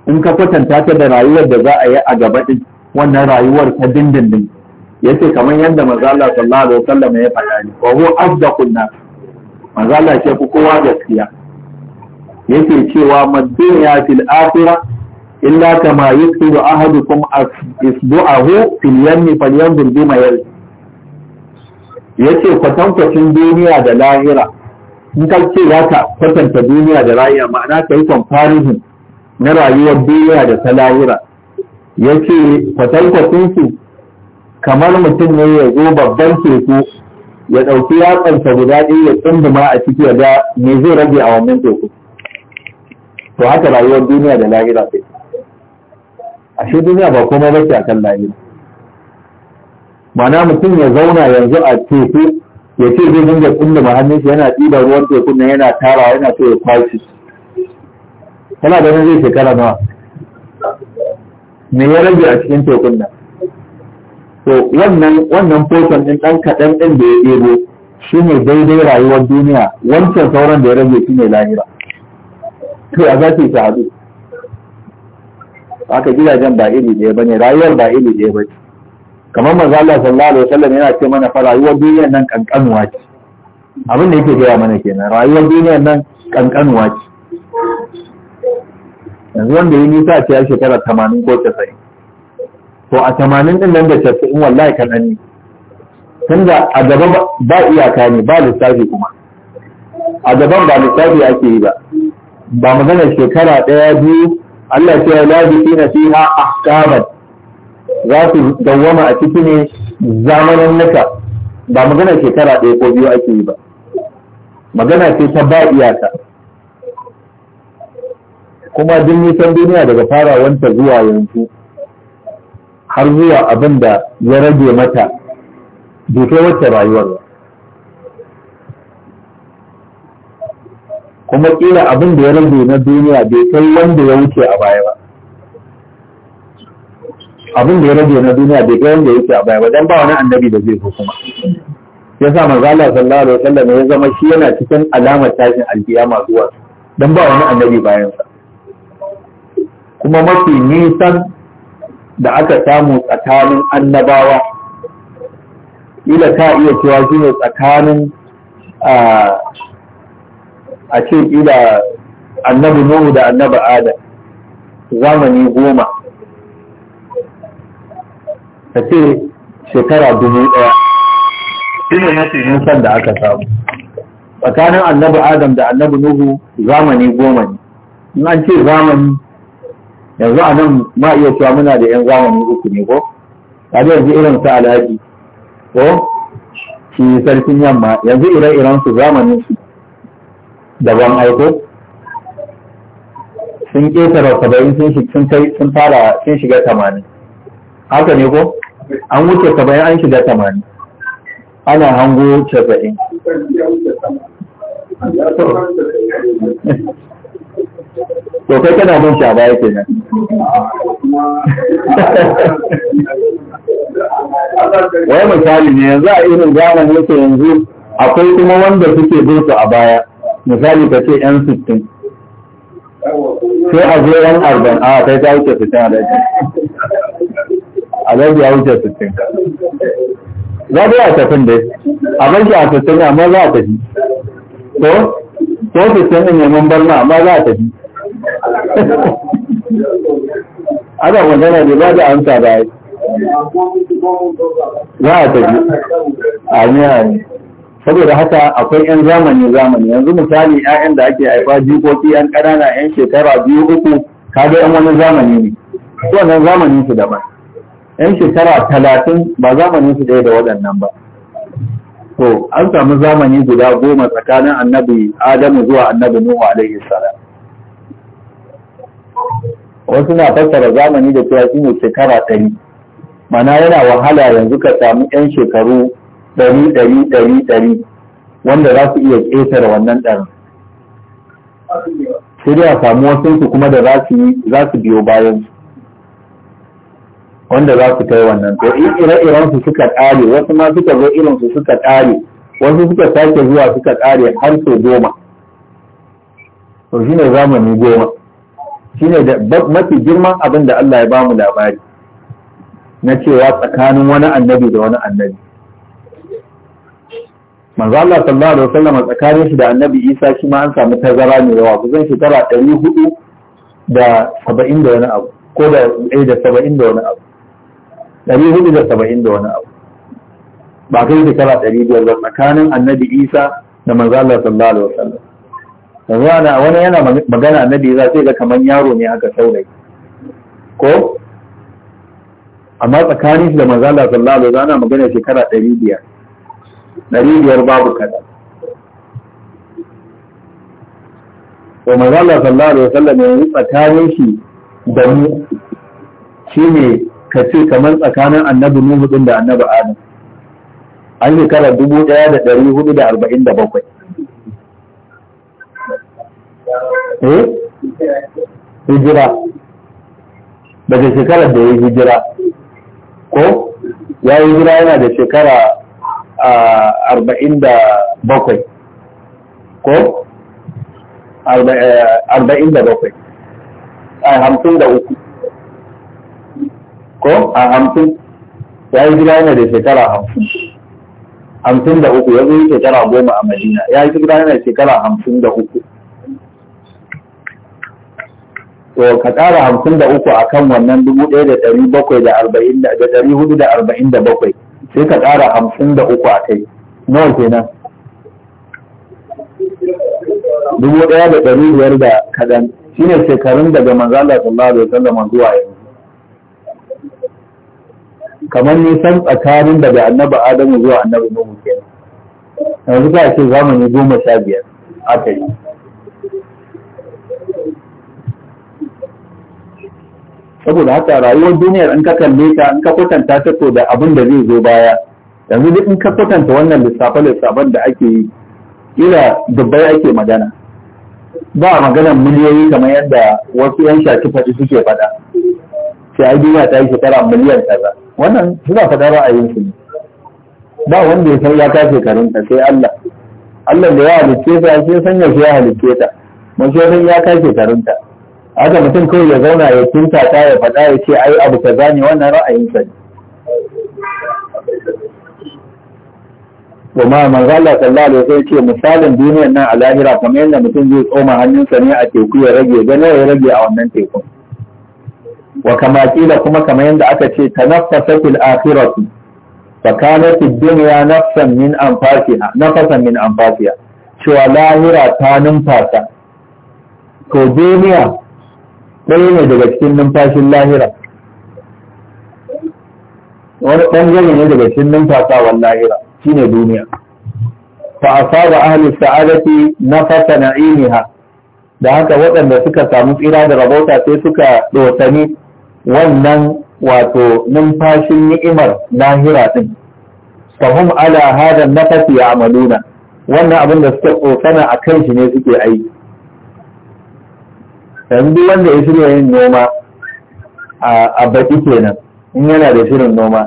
in ka kwatanta ta da rayuwar da za a yi a gaba din wannan rayuwar ta dindindin yace kamar yadda manzo Allah sallallahu alaihi wasallam ya faɗa ni wa huwa asdaqun nas manzo Allah ya fi kowa gaskiya yace cewa madunya fil akhirah illa kama yusiru ahadukum asbu'ahu fil yammi falyanzur bima yal yace kwatankwacin duniya da lahira in ka ce za ka kwatanta duniya da lahira ma'ana ka yi comparison na rayuwar duniya da ta lahira ya ce kwatankwacinsu kamar mutum ne ya zo babban teku ya ɗauki yatsansa guda ɗaya ya tsunduma a ciki ya ga me zai rage a wannan teku to haka rayuwar duniya da lahira sai ashe duniya ba kuma ba ce a kan lahira mana mutum ya zauna yanzu a teku ya ce zai dinga tsunduma hannun shi yana ɗiba ruwan teku na yana tara yana so ya kwashe. kana ganin zai shekara nawa me ya rage a cikin tekun nan to wannan wannan foton din dan kaɗan ɗin da ya debo, shi ne daidai rayuwar duniya wancan sauran da ya rage shi ne lahira to a za ta haɗu aka gidajen ba iri ɗaya ba ne rayuwar ba iri ɗaya ba ce kamar manzo Allah sallallahu alaihi wasallam yana ce mana fa rayuwar duniyar nan kankanuwa ce abin da yake gaya mana kenan rayuwar duniyar nan kankanuwa ce yanzu wanda yi nisa ce a shekara tamanin ko casa'in to a tamanin ɗin nan da in wallahi kaɗan ne tun da a gaba ba iyaka ne ba lissafi kuma a gaban ba lissafi ake yi ba ba magana shekara ɗaya biyu Allah ce ya lafi na a kamar za su dawwama a ciki ne zamanin naka ba magana shekara ɗaya ko biyu ake yi ba magana ce ta ba iyaka kuma duk nisan duniya daga farawanta zuwa yanzu har zuwa abin da ya rage mata bai wacce rayuwar kuma kila abin da ya rage na duniya bai kai wanda ya wuce a baya ba abin da ya rage na duniya bai kai wanda ya wuce a baya ba dan ba wani annabi da zai zo kuma ya sa manzo Allah sallallahu alaihi wasallam ya zama shi yana cikin alamar tashin alkiyama zuwa dan ba wani annabi bayan sa kuma mafi nisan da aka samu tsakanin annabawa ila ta iya cewa shi ne tsakanin a ce ila annabi nuhu da annabi adam zamani goma ta ce shekara dubu ɗaya shi ne mafi nisan da aka samu tsakanin annabi adam da annabi nuhu zamani goma ne in an ce zamani yanzu a nan ma iya cewa muna da yan zamani uku ne ko da yanzu irin su alhaji ko shi sarkin yamma yanzu ire-iren su zamanin su daban aiko sun ƙetare saba'in sun fara sun shiga tamanin haka ne ko an wuce saba'in an shiga tamanin ana hango casa'in to kai kana bin shi a baya wai misali ne yanzu a irin zamani yake yanzu akwai kuma wanda suke bin su a baya misali ka ce yan sittin sai a zo yan arba'in a kai ta wuce sittin a daji a daji a wuce sittin za ta yi a tafin dai a bar shi a sittin amma za a tafi ko ko sittin ne mun bar na amma za a tafi ana magana ne ba da amsa ba yi za a tafi amiya saboda haka akwai 'yan zamani zamani yanzu misali 'ya'yan da ake haifa jikoki 'yan ƙanana 'yan shekara biyu uku kaga 'yan wani zamani ne Su wannan zamanin su daban 'yan shekara talatin ba zamanin su ɗaya da waɗannan ba to an samu zamani guda goma tsakanin annabi adamu zuwa annabi nuhu alaihi salam wasu na fassara zamani da cewa shine shekara ɗari mana yana wahala yanzu ka samu 'yan shekaru ɗari ɗari ɗari ɗari wanda za su iya ƙetare wannan ɗarin sai dai a samu wasu su kuma da za su biyo bayan wanda za su kai wannan to ire-iren su suka ƙare wasu ma suka zo irin su suka ƙare wasu suka sake zuwa suka ƙare har sau goma to shine zamani goma shine da mafi girman abin da Allah ya ba mu labari na cewa tsakanin wani annabi da wani annabi manzo Allah sallallahu alaihi wasallam tsakanin shi da annabi Isa shi ma an samu tazara mai yawa kusan shekara 400 da 70 da wani abu ko da eh da 70 da wani abu 400 da 70 da wani abu ba kai shekara 500 ba tsakanin annabi Isa da manzo Allah sallallahu alaihi wasallam yanzu ana wani yana magana annabi za sai ga kamar yaro ne aka saurayi ko amma tsakanin da Manzala Allah sallallahu alaihi ana magana shekara 500 500 babu kada to Manzala Allah sallallahu alaihi wasallam yanzu tsakanin shi da mu shine ka ce kamar tsakanin annabi Nuhu din da annabi Adam an shekara 1447 eh hijira daga shekarar da ya yi hijira ko ya yi hijira yana da shekara arba'in da bakwai ko eh, arba'in da bakwai a hamsin da uku ko a hamsin ya yi hijira yana da shekara hamsin hamsin da uku ya zo shekara goma a madina ya yi hijira yana da shekara hamsin da uku to ka ƙara hamsin da uku a kan wannan dubu ɗaya da ɗari bakwai da arba'in da ɗari hudu da arba'in da bakwai sai ka ƙara hamsin da uku a kai nawa kenan dubu ɗaya da ɗari biyar da kaɗan shine shekarun daga manzala sallallahu alaihi wasallam zuwa yanzu kamar nisan tsakanin daga annabi adamu zuwa annabi nuhu kenan yanzu ka ce zamani goma sha biyar aka yi saboda haka rayuwar duniyar in ka kalle ta in ka kwatanta ta to da abin da zai zo baya yanzu duk in ka kwatanta wannan lissafe lissafen da ake yi ila dubbai ake magana ba magana miliyoyi kamar yadda wasu yan shafi faɗi suke faɗa sai ai duniya ta yi shekara miliyan kaza wannan suna faɗa su ne ba wanda ya san ya ka ta sai Allah Allah da ya halicce ta sai san yaushe ya halicce ta mun sai ya ka ta haka mutum kawai ya zauna ya tinta ta ya faɗa ya ce ai abu ka gane wannan ra'ayin sa kuma zalla sallallahu alaihi wasallam ce misalin duniyar nan a lahira kamar yadda mutum zai tsoma hannunsa ne a teku ya rage gano ya rage a wannan tekun wa kama kila kuma kamar yadda aka ce tanaffasa fil akhirati fa kanat ad-dunya nafsan min anfasiha nafsan min anfasiha cewa lahira ta numfasa to duniya ɗaya ne daga cikin numfashin lahira wani ɓangare ne daga cikin numfasawan lahira shine duniya fa asaba ahli sa'adati nafasa na'imiha da haka waɗanda suka samu tsira da rabauta sai suka dosani wannan wato numfashin ni'imar lahira din fahum ala hada nafasi ya'maluna wannan abin da suka tsofana a kan shi ne suke aiki yanzu wanda ya shirya yin noma a baki kenan in yana da shirin noma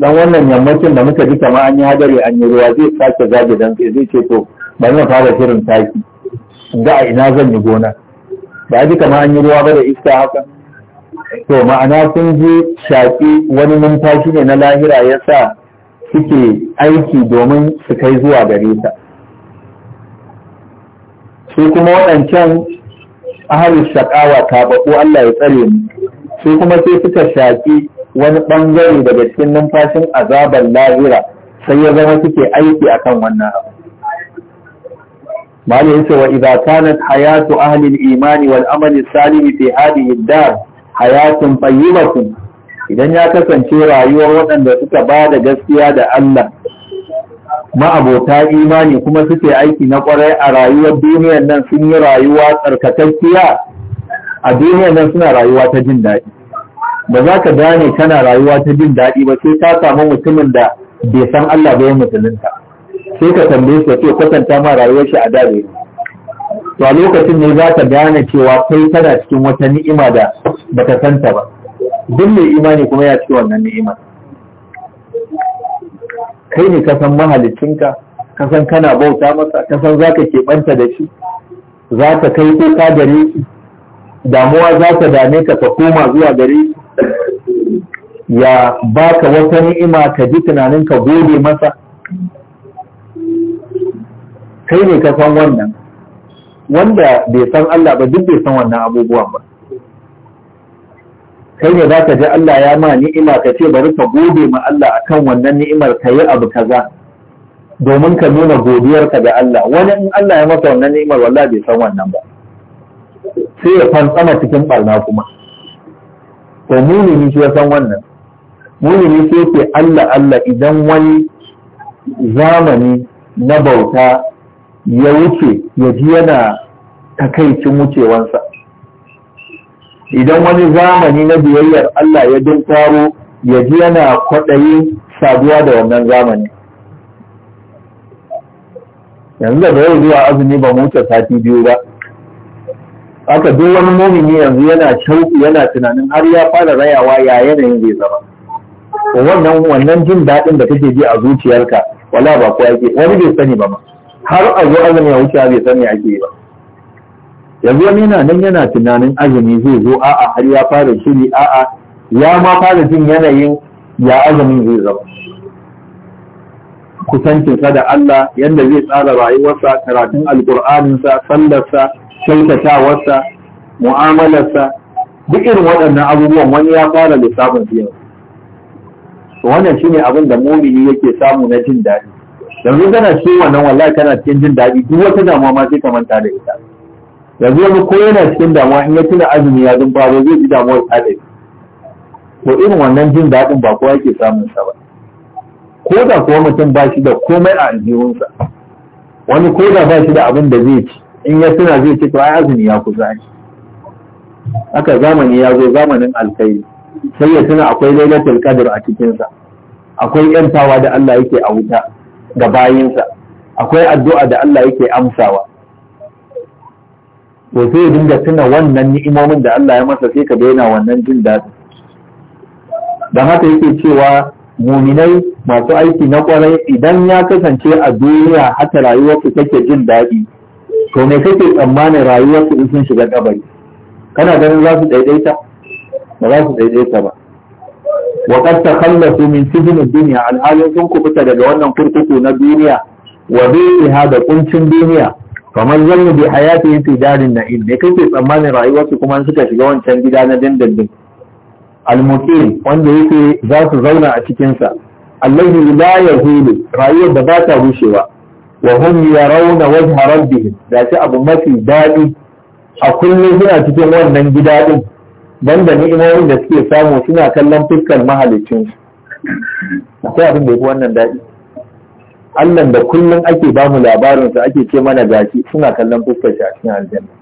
dan wannan yammacin da muka ji kama an yi hadari an yi ruwa zai sake zage dan zai ce to bari na fara shirin taki da a ina zan yi gona ba ji kama an yi ruwa ba da iska haka to ma'ana sun ji shaƙi wani numfashi ne na lahira ya sa suke aiki domin su kai zuwa gare ta shi kuma waɗancan ahalin shakawa ta bako Allah ya tsare mu su kuma sai suka shaƙi wani ɓangare daga cikin numfashin azabar lahira sai ya zama suke aiki kan wannan abu malai yace wa idza kanat hayatu ahli imani wal amali salimi fi hadhihi ad-dar hayatun tayyibatun idan ya kasance rayuwar waɗanda suka ba da gaskiya da Allah ma'abota imani kuma suke aiki na kwarai a rayuwar duniyar nan sun yi rayuwa tsarkakakkiya a duniyar nan suna rayuwa ta jin daɗi ba za ka gane kana rayuwa ta jin daɗi ba sai ka samu mutumin da bai san Allah ba ya musulunta sai ka tambaye su ce kwatanta ma rayuwar shi a da to a lokacin ne za ka gane cewa kai kana cikin wata ni'ima da baka santa ba duk mai imani kuma ya ci wannan ni'imar kai ne kasan san mahalicinka ka san kana bauta masa kasan san za ka keɓanta da shi za ka kai kuka gare shi damuwa za ka dame ka ka koma zuwa gare shi ya baka wata ni'ima ka ji tunanin ka gode masa kai ne ka wannan wanda bai san Allah ba duk bai san wannan abubuwan ba kai ne za ka ji Allah ya ma ni'ima ka ce bari ka gode ma Allah a kan wannan ni'imar ka yi abu kaza domin ka nuna godiyarka ga Allah wani in Allah ya masa wannan ni'imar wallahi bai san wannan ba sai ya fantsama cikin barna kuma to mumini shi ya san wannan ne shi yake Allah Allah idan wani zamani na bauta ya wuce ya ji yana takaicin wucewansa idan wani zamani na biyayyar Allah ya dinkaro ya ji yana kwaɗayi saduwa da wannan zamani yanzu da yau zuwa azumi ba mu sati biyu ba Aka duk wani momini yanzu yana shauki yana tunanin har ya fara rayawa ya yanayin zai zama wannan wannan jin daɗin da kake ji a zuciyarka wala ba ko ake wani bai sani ba ma har a zo azumi ya wuce bai sani ake ba yanzu wani yana nan yana tunanin azumi zai zo a'a har ya fara shiri a'a ya ma fara jin yanayin ya azumin zai zama kusancinsa da Allah yadda zai tsara rayuwarsa karatun alkur'aninsa sallarsa kyautatawarsa mu'amalarsa duk irin waɗannan abubuwan wani ya fara lissafin biyan wannan shine abin da mumini yake samu na jin daɗi yanzu kana ciwon nan wallahi kana cikin jin daɗi duk wata damuwa ma sai ka manta da ita yanzu yanzu ko yana cikin damuwa in ya tuna azumi ya dun ba zai ji damuwar ta ne. to irin wannan jin daɗin ba kowa yake samun sa ba ko da kuwa mutum ba shi da komai a aljihunsa wani ko da ba shi da abin da zai ci in ya tuna zai ci to ai azumi ya kusa ne haka zamani ya zo zamanin alkhairi sai ya tuna akwai lailatul qadr a cikinsa akwai yantawa da Allah yake a wuta ga bayinsa akwai addu'a da Allah yake amsawa to sai dinga tuna wannan ni'imomin da Allah ya masa sai ka daina wannan jin daɗi don haka yake cewa muminai masu aiki na kwarai idan ya kasance a duniya haka rayuwarsu take jin daɗi to me kake tsammanin rayuwarsu in sun shiga kabari kana ganin za su daidaita ba za su daidaita ba wa qad takhallasu min ad dunya alhalin sun kubuta daga wannan kurkuku na duniya wa biha da kuncin duniya kamar zannu bi hayati fi darin na'im me kake tsammanin rayuwarsu kuma suka shiga wancan gida na dindindin almuqim wanda yake za su zauna a cikin sa allazi la yahudu rayuwar da ba ta rushewa wa hum yarawna wajha rabbihim da ce abu mafi dadi a kullum suna cikin wannan gida din banda ni'imomin da suke samu suna kallon fuskar mahalicin su akwai abin da yake wannan dadi Allah da kullum ake ba mu labarin sa ake ce mana gashi suna kallon fuskar shi a cikin aljanna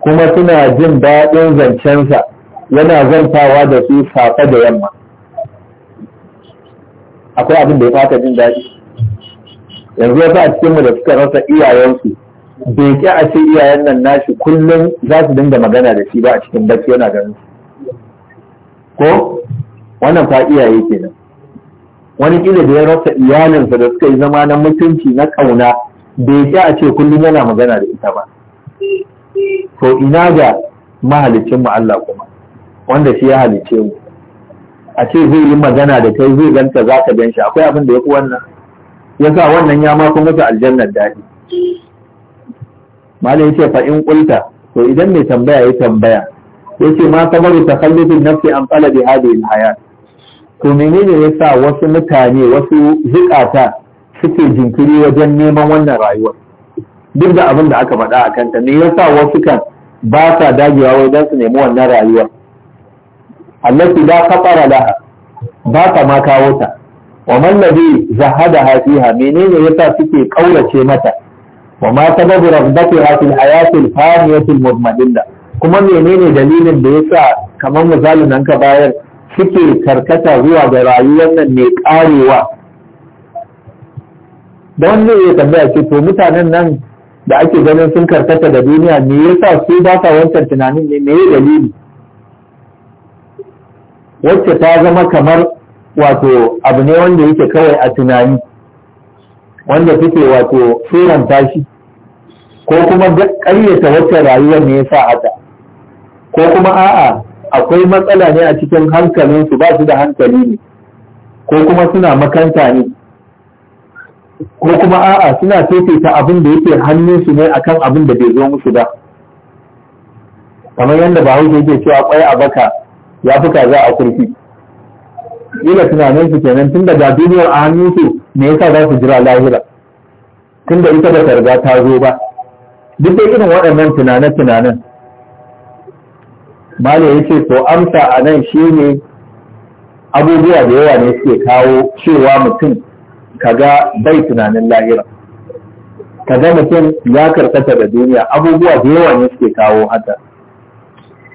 kuma suna jin daɗin sa yana zantawa da su safe da yamma akwai abin da ya fata jin daɗi yanzu wasu a cikin cikinmu da suka rasa iyayensu bai ke a ce iyayen nan nashi kullum za su dinga magana da shi ba a cikin bacci yana ganin ko wannan fa iyaye kenan wani kila da ya rasa iyalinsa da suka yi zama na mutunci na kauna bai sha a ce kullum yana magana da ita ba to ina ga mahalicin Allah kuma wanda shi ya halice mu a ce zai yi magana da kai zai ganta za ka gan shi akwai abin da ya fi wannan ya sa wannan ya ma kuma ga aljannar daɗi malai ya ce fa kulta to idan mai tambaya ya tambaya ya ce ma ta kalli bin nafi an tsala bi hadhihi hayati to menene ya sa wasu mutane wasu zukata suke jinkiri wajen neman wannan rayuwar duk da abin da aka faɗa a kanta me ya sa wasu kan ba sa dagewa wajen su nemi wannan rayuwar allati la kafara laha ba ta ma kawo ta wa man ladhi zahada fiha menene yasa suke kaurace mata wa ma sababu rabdatiha fil hayati al faniyati al mudmadilla kuma menene dalilin da yasa kamar misalin nan ka bayar suke karkata zuwa ga rayuwar nan mai karewa da wani zai iya tambaya ce to mutanen nan da ake ganin sun karkata da duniya me yasa su ba sa wancan tunanin ne me dalili wacce ta zama kamar wato abu ne wanda yake kawai a tunani wanda suke wato turanta shi ko kuma ƙaryata wacce rayuwar ne yasa ta ko kuma a'a akwai matsala ne a cikin hankalinsu ba su da hankali ne ko kuma suna makanta ne ko kuma a'a suna ta abin da yake hannunsu ne akan abin da bai zo musu ba kamar yadda bahaushe yake cewa kwai a baka ya fi kaza a kurfi ila tunanin su kenan tun da duniyar a hannunsu me yasa za su jira lahira tun da ita ba ta riga ta zo ba duk da irin waɗannan tunane-tunanen Mali ya ce ko amsa a nan shi ne abubuwa da yawa ne suke kawo cewa mutum kaga bai tunanin lahira. Kaga mutum ya karkata da duniya abubuwa da yawa ne suke kawo haka.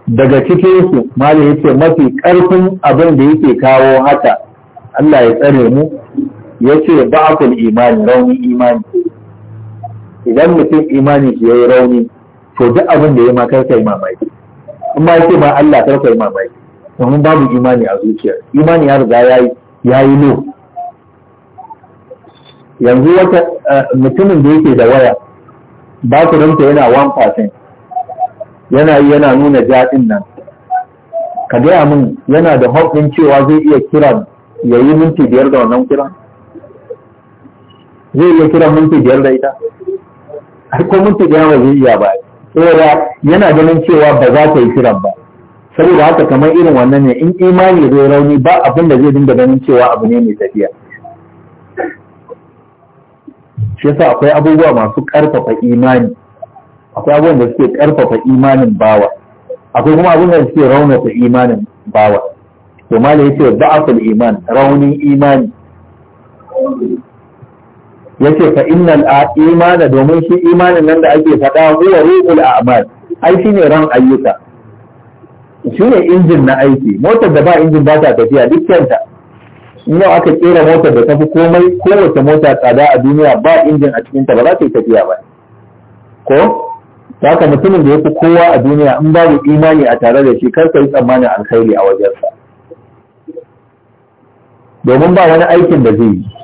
Daga su Mali ya ce mafi karfin abin da yake kawo haka Allah ya tsare mu ya ce ba'akul imani rauni imani. Idan mutum imani ya yi rauni to duk abin da ya ma kai mamaki. amma yake ma Allah kar ma bai, domin babu imani a zuciya imani ya riga ya yi no yanzu wata eh, mutumin da yake da waya ba ku ranta yana 1% yana yi yana nuna jaɗin nan ka gaya min yana da hopin cewa zai iya kira ya yi minti biyar da wannan kiran zai iya kira minti biyar da ita har ko minti biyar ba zai iya ba tsora yana ganin cewa ba za ta yi kiran ba saboda haka kamar irin wannan ne in imani zai rauni ba abin da zai dinga ganin cewa abu ne mai tafiya shi yasa akwai abubuwa masu karfafa imani akwai abubuwan da suke karfafa imanin bawa akwai kuma abin da suke raunata imanin bawa to ma da yake ba'aful iman raunin imani yace fa innal imana domin shi imanin nan da ake faɗa huwa ruhul a'mal ai shine ran ayyuka shine injin na aiki motar da ba injin ba ta tafiya dukkanta in yau aka kera motar da tafi komai kowace mota tsada a duniya ba injin a ta ba za ta yi tafiya ba ko ta haka mutumin da ya fi kowa a duniya in babu imani a tare da shi kar ka yi tsammanin alkhairi a wajensa domin ba wani aikin da zai yi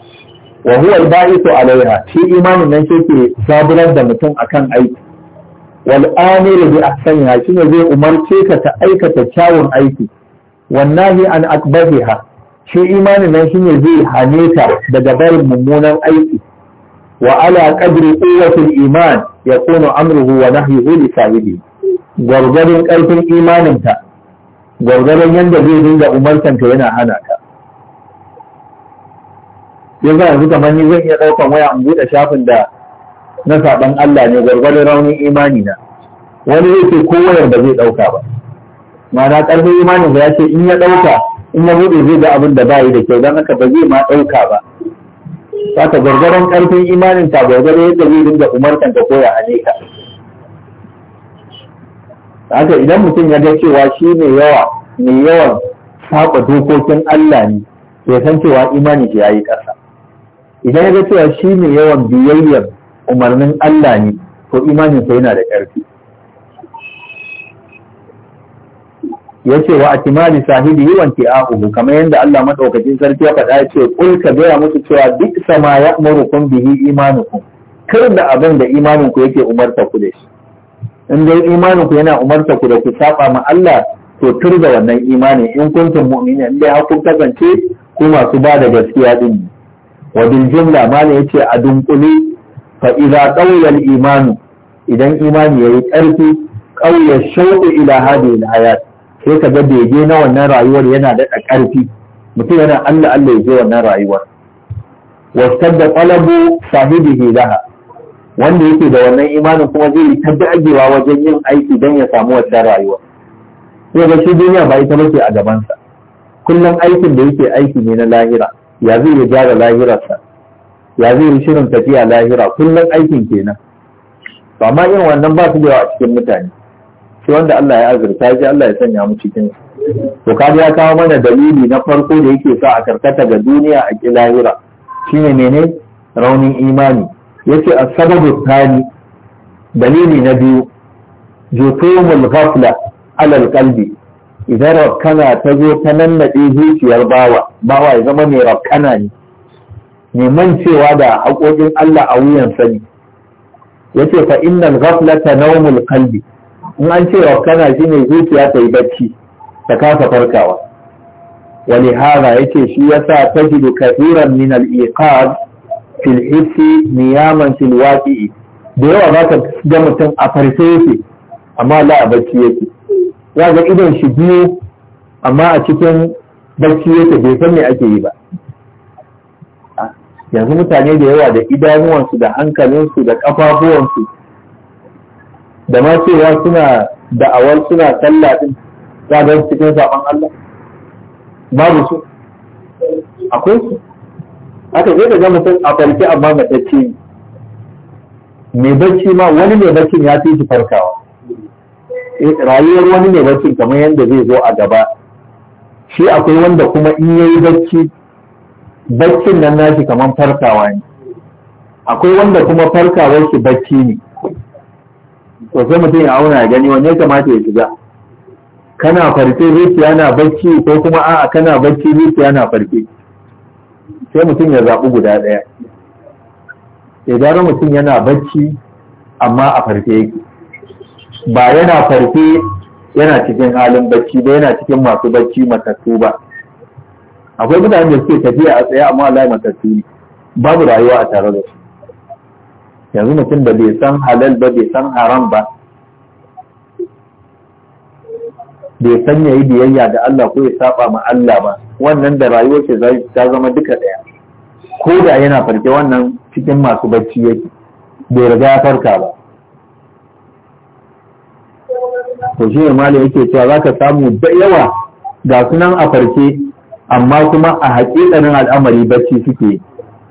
wa huwa al-ba'ithu alaiha shi imanin nan shi ke zaburar da mutum akan aiki wal amir bi ahsaniha shine zai umarce ka ta aikata kyawun aiki wannahi an akbahiha shi imanin nan shine zai hane ta daga barin mummunan aiki wa ala qadri quwwatil iman yakunu amruhu wa nahyuhu li sahibi gwargwadon karfin imaninta gwargwadon yanda zai dinga umartanka yana hana ta yanzu yanzu kamar ni zan iya ɗaukan waya in buɗe shafin da na saɓan Allah ne gwargwadon raunin imani na wani zai ce ko wayar ba zai ɗauka ba ma'ana ƙarfin imanin ya ce in ya ɗauka in ya buɗe zai ga abin da bayi da kyau don haka ba zai ma ɗauka ba saka gwargwaron ƙarfin imanin ta gwargwaron yadda zai dinga umartan ka koya a ne ka haka idan mutum ya ga cewa shi ne yawa mai yawan saba dokokin Allah ne ya san cewa imani ya yayi ƙasa idan ya ga cewa shi ne yawan biyayyar umarnin Allah ne to imaninsa yana da ƙarfi ya ce wa atimali sahibi yi wanke ahuhu kamar yadda Allah maɗaukacin sarki ya faɗa ya ce kul ka gaya musu cewa duk sama ya kun bihi kar da abin da imaninku yake umarta ku da shi in dai imaninku yana umarta ku da ku saba ma Allah to tur da wannan imanin in kuntum mu'minin in dai har kun kasance ku masu ba da gaskiya din wa bil jumla malam yace a dunkule fa idza qawiya al imanu idan imani yayi karfi qawiya shauqu ila hadhihi al hayat sai ka ga bege na wannan rayuwar yana da karfi mutum yana Allah Allah ya je wannan rayuwar wastadda qalabu sahibihi laha wanda yake da wannan imanin kuma zai yi tabbi ajewa wajen yin aiki don ya samu wannan rayuwa sai ga shi duniya ba ita bace a gabansa kullum aikin da yake aiki ne na lahira ya zai ya gyara lahirarsa ya zai yi shirin tafiya lahira kullum aikin kenan to amma irin wannan ba su da yawa a cikin mutane sai wanda Allah ya azurta shi Allah ya sanya mu cikin to kaji ya kawo mana dalili na farko da yake sa a karkata ga duniya a ki lahira shine mene raunin imani yace as-sababu tani dalili na biyu jutumul ghafla ala al-qalbi idan rabkana ta zo ta nannaɗe zuciyar bawa bawa ya zama mai rabkana ne neman cewa da haƙoƙin Allah a wuyan sani ya ce fa innan gaflata nawmul kalbi in an ce rabkana shine zuciya ta yi bacci ta kasa farkawa wani hara ya ce shi ya sa ta jiru kafiran min al'iqad fil hissi niyaman fil waƙi. da yawa za ka ga mutum a farce yake amma la a bacci yake ya ga idon shi biyu amma a cikin barci yake bai san me ake yi ba yanzu mutane da yawa da idanuwansu da hankalinsu da kafafuwansu da ma cewa suna da'awar suna sallah din ya ga cikin saman Allah babu su akwai su aka je gama mutum a farke amma matacce ne mai bacci ma wani mai bacci ya fi shi farkawa Eh, rayuwar wani ne bacci kamar yadda zai zo a gaba shi akwai wanda kuma in ya yi bacci baccin nan nashi kamar farkawa ne akwai wanda kuma farkawar shi bacci ne to sai mutum ya auna ya gani wanne ya kamata ya shiga kana farke zuciya na bacci ko kuma a'a kana bacci zuciya na farke sai mutum ya zaɓi guda ɗaya idan mutum yana bacci, amma a farke yake ba yana farfe yana cikin halin bacci ba yana cikin masu bacci matattu ba akwai mutane da suke tafiya a tsaye amma Allah matattu ne babu rayuwa a tare da su yanzu mutum da bai san halal ba bai san haram ba bai san ya yi biyayya da Allah ko ya saba ma Allah ba wannan da rayuwar ce ta zama duka ɗaya ko da yana farke wannan cikin masu bacci yake bai riga ya farka ba to shi ne malam yake cewa za ka samu da yawa ga sunan a farke amma kuma a haƙiƙanin al'amari bacci suke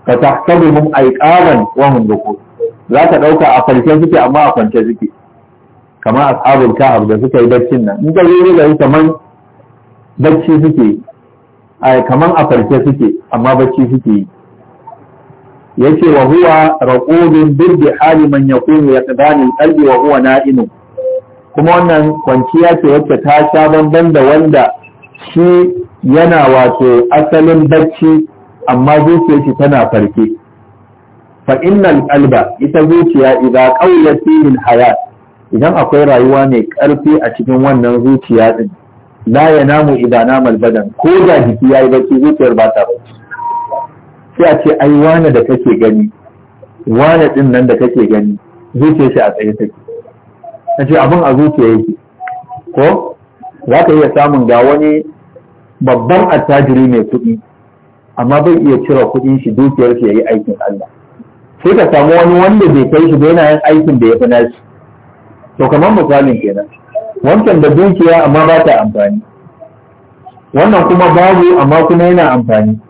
ka tahsabuhum aiqaban wa hum ruku za ka ɗauka a farke suke amma a kwance suke kamar ashabul kahf da suka yi baccin nan in ka zo da kamar bacci suke ai kamar a farke suke amma bacci suke yi ce, wa huwa raqubun birbi hali man yakunu yaqdani qalbi wa huwa na'imun kuma wannan kwanciya ce wacce ta sha bamban da wanda shi yana wato asalin bacci amma zuciya shi tana farke fa innal qalba ita zuciya idan qawiyat min hayat idan akwai rayuwa mai karfi a cikin wannan zuciya din la yanamu idan namal badan ko da jiki yayi bacci zuciyar ba ta bacci sai a ce ai wane da kake gani wane din nan da kake gani zuciyar shi a tsaye take na ce abin a zuciya yake ko za ka iya samun ga wani babban attajiri mai kuɗi amma bai iya cire kuɗin shi dukiyar shi ya yi aikin Allah sai ka samu wani wanda bai kai shi ba yana yin aikin da ya fi nashi to kamar misalin kenan wancan da dukiya amma ba ta amfani wannan kuma babu amma kuma yana amfani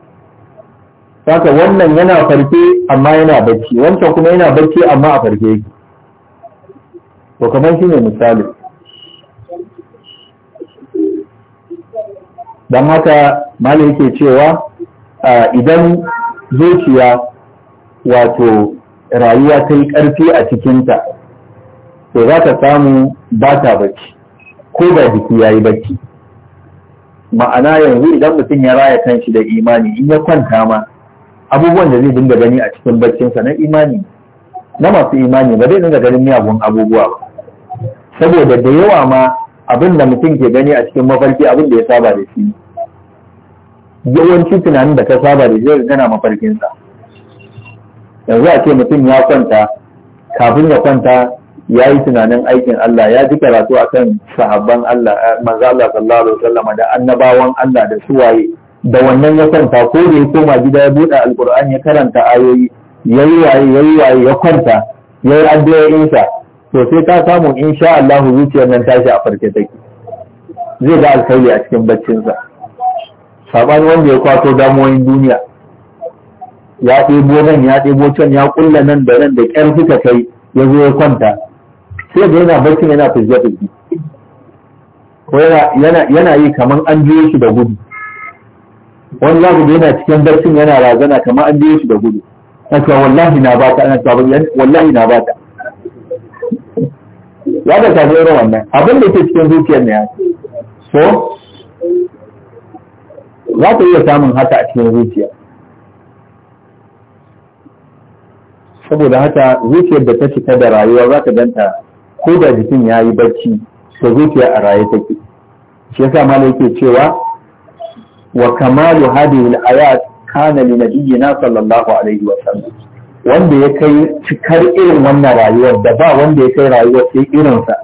saka wannan yana farke amma yana bacci wancan kuma yana bacci amma a farke yake to kamar shi ne misali don haka malam yake cewa idan zuciya wato rayuwa ta yi ƙarfi a cikinta to za ka samu ba ta bacci ko da jiki ya yi bacci ma'ana yanzu idan mutum ya raya kan shi da imani in ya kwanta ma abubuwan da zai dinga gani a cikin baccinsa na imani na masu imani ba zai dinga ganin miyagun abubuwa ba saboda da yawa ma abin da mutum ke gani a cikin mafarki abin da ya saba da shi yawanci tunanin da ka saba da shi gana mafarkinsa yanzu a ce mutum ya kwanta kafin ya kwanta ya yi tunanin aikin Allah ya ji karatu a kan sahabban Allah eh, manzo Allah sallallahu alaihi da annabawan Allah da suwaye da wannan ya kwanta ko da ya koma gida ya buɗe alkur'ani ya karanta ayoyi yayi waye yayi waye ya kwanta yayi addu'o'insa to sai ka samu sha Allah zuciyar nan tashi a farke take zai ga alkhairi a cikin baccinsa saban wanda ya kwato damuwoyin duniya ya ɗebo nan ya ɗebo can ya kulla nan da nan da ƙyar suka kai ya zo ya kwanta sai da yana baccin yana fizge fizge ko yana yi kamar an biyo shi da gudu wani za ku yana cikin baccin yana razana kamar an biyo shi da gudu aka wallahi na bata ana wallahi na ta ya ga tafi irin wannan abin da ke cikin zuciyar ne so za ka iya samun haka a cikin zuciya saboda haka zuciyar da ta cika da rayuwa za ka danta ko da jikin ya yi barci to zuciya a raye take shi yasa malam yake cewa wa kamalu hadhihi al-ayat kana li nabiyyina sallallahu alaihi wa sallam wanda ya kai cikar irin wannan rayuwar da ba wanda ya kai rayuwar sai irinsa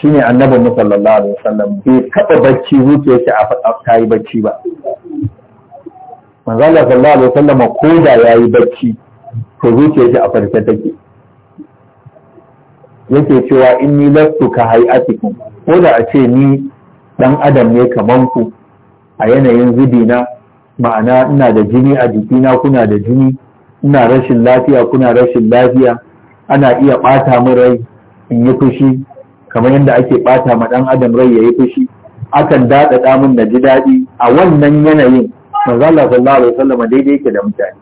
shine annabin mu alaihi wasallam bai taba bacci zuciya ce a ta yi bacci ba manzala sallallahu alaihi wasallam ko da yi bacci to zuciya ce a farke take yake cewa in ni lastu ka hayatikum ko da a ce ni dan adam ne kaman ku a yanayin zubi na ma'ana ina da jini a jikina kuna da jini ina rashin lafiya kuna rashin lafiya ana iya ɓata min rai in yi fushi kamar yadda ake ɓata ma ɗan adam rai ya fushi akan daɗaɗa min na ji daɗi a wannan yanayin manzo Allah sallallahu alaihi wasallam daidai yake da mutane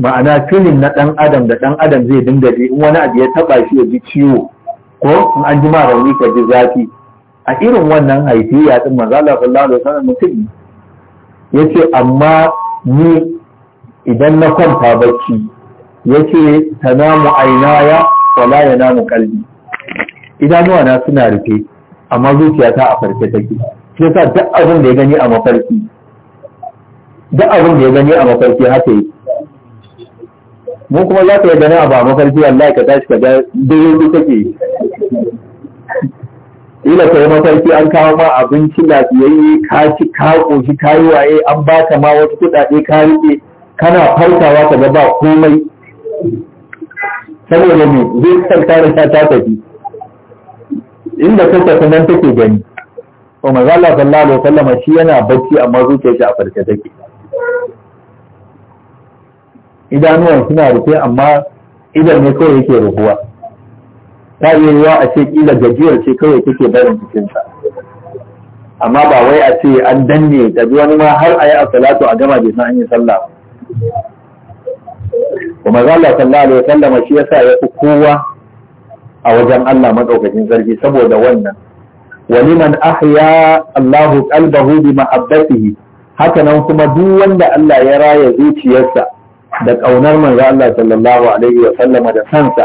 ma'ana filin na ɗan adam da ɗan adam zai dinga ji in wani abu ya taɓa shi ya ji ciwo ko in an ji rauni ka ji zafi a irin wannan haifiya din manzo Allah sallallahu alaihi wasallam mutum yace amma ni idan na kwanta bacci yace aina ya wala yanamu qalbi idanuwa na suna rufe amma zuciya ta a farke take shi yasa duk abin da ya gani a mafarki duk abin da ya gani a mafarki haka yi mu kuma za ka yi gani abu a mafarki wallahi ka tashi ka ga su take ila ka yi mafarki an kawo ma abinci lafiyayye ka ci ka ƙoshi ka yi waye an ba ka ma wasu kuɗaɗe ka riƙe kana farkawa ka gaba ba komai saboda ne zai kwanta da ta ta tafi inda ta tafi nan take gani to maza Allah sallallahu alaihi wasallam shi yana bacci amma zuciyar shi a farke take idanuwan suna rufe amma idan ne kawai yake rufuwa ta yi ruwa a ce kila gajiyar ce kawai take barin jikinsa. amma ba wai a ce an danne ga wani ma har a yi a salatu a gama bai san an yi sallah ba kuma zalla sallallahu alaihi wasallam shi yasa ya fi kowa a wajen Allah madaukakin sarki saboda wannan Wani liman ahya Allahu qalbahu bi mahabbatihi haka nan kuma duk wanda Allah ya raya zuciyarsa da kaunar manzo Allah sallallahu alaihi wasallam da sansa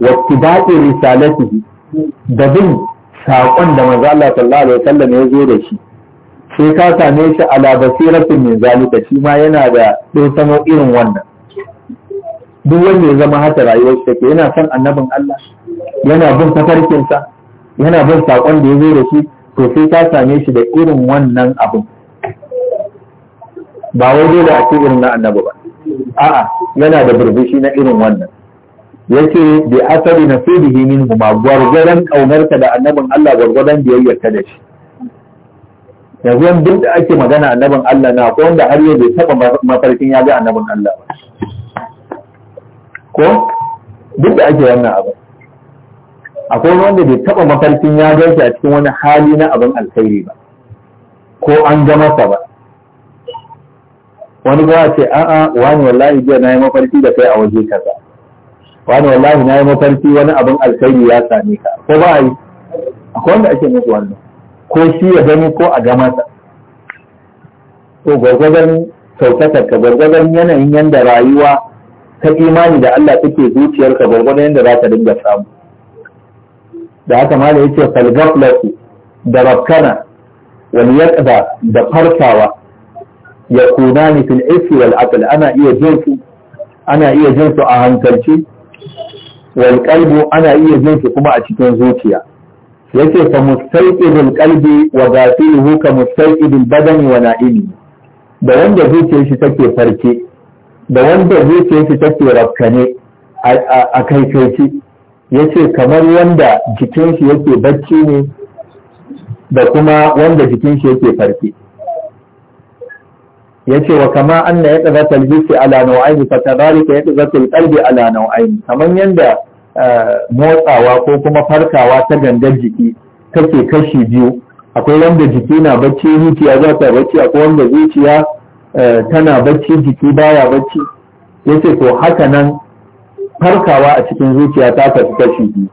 wa tibai risalatihi da bin saƙon da manzo Allah sallallahu alaihi wasallam ya zo da shi sai ka same shi ala basiratin min zalika shi ma yana da dosamo irin wannan duk wanda ya zama haka rayuwar shi take yana son annabin Allah yana bin tafarkinsa yana bin sakon da ya zo da shi to sai ka same shi da irin wannan abin ba wai dole a ce irin na annabi ba a'a yana da burbushi na irin wannan yace bi asali nasibihi minhu ma gwargwaran kaunarka da annabin Allah gwargwaran biyayyarka da shi yanzu yan duk da ake magana annabin Allah na ko wanda har yau bai taba mafarkin ya ga annabin Allah ba ko duk da ake wannan abu akwai wanda bai taba mafarkin ya ga shi a cikin wani hali na abin alkhairi ba ko an ga masa ba wani kuma ce a'a wani wallahi jiya na yi mafarki da kai a waje kaza wani wallahi na yi mafarki wani abin alkhairi ya same ka ko ba yi akwai wanda ake musu wannan ko shi ya gani ko a ga masa to gwargwadon saukatar ka gwargwadon yanayin yanda rayuwa ta imani da Allah take zuciyarka gwargwadon yadda za ta dinga samu da haka ma da yace falgaflatu da rakkana wani yaqda da farkawa ya kuna ni fil wal aql ana iya jin su ana iya jin su a hankalci wal qalbu ana iya jin su kuma a cikin zuciya yace fa mustaqidul qalbi wa ghafilihu ka mustaqidul badani wa na'imi da wanda zuciyar shi take farke da wanda zuciyar shi take rafkane a kai kai shi, yace kamar wanda jikin shi yake bacci ne da kuma wanda jikin shi yake farke yace wa kama anna yadda zata albisi ala nau'aini fa kadhalika yadda zata alqalbi ala nau'aini kamar yanda motsawa ko kuma farkawa ta gangar jiki take kashi biyu akwai wanda jiki na bacci zuciya za ta bacci akwai wanda zuciya eh, tana bacci jiki baya bacci yace to haka nan farkawa a cikin zuciya ta tafi kashi biyu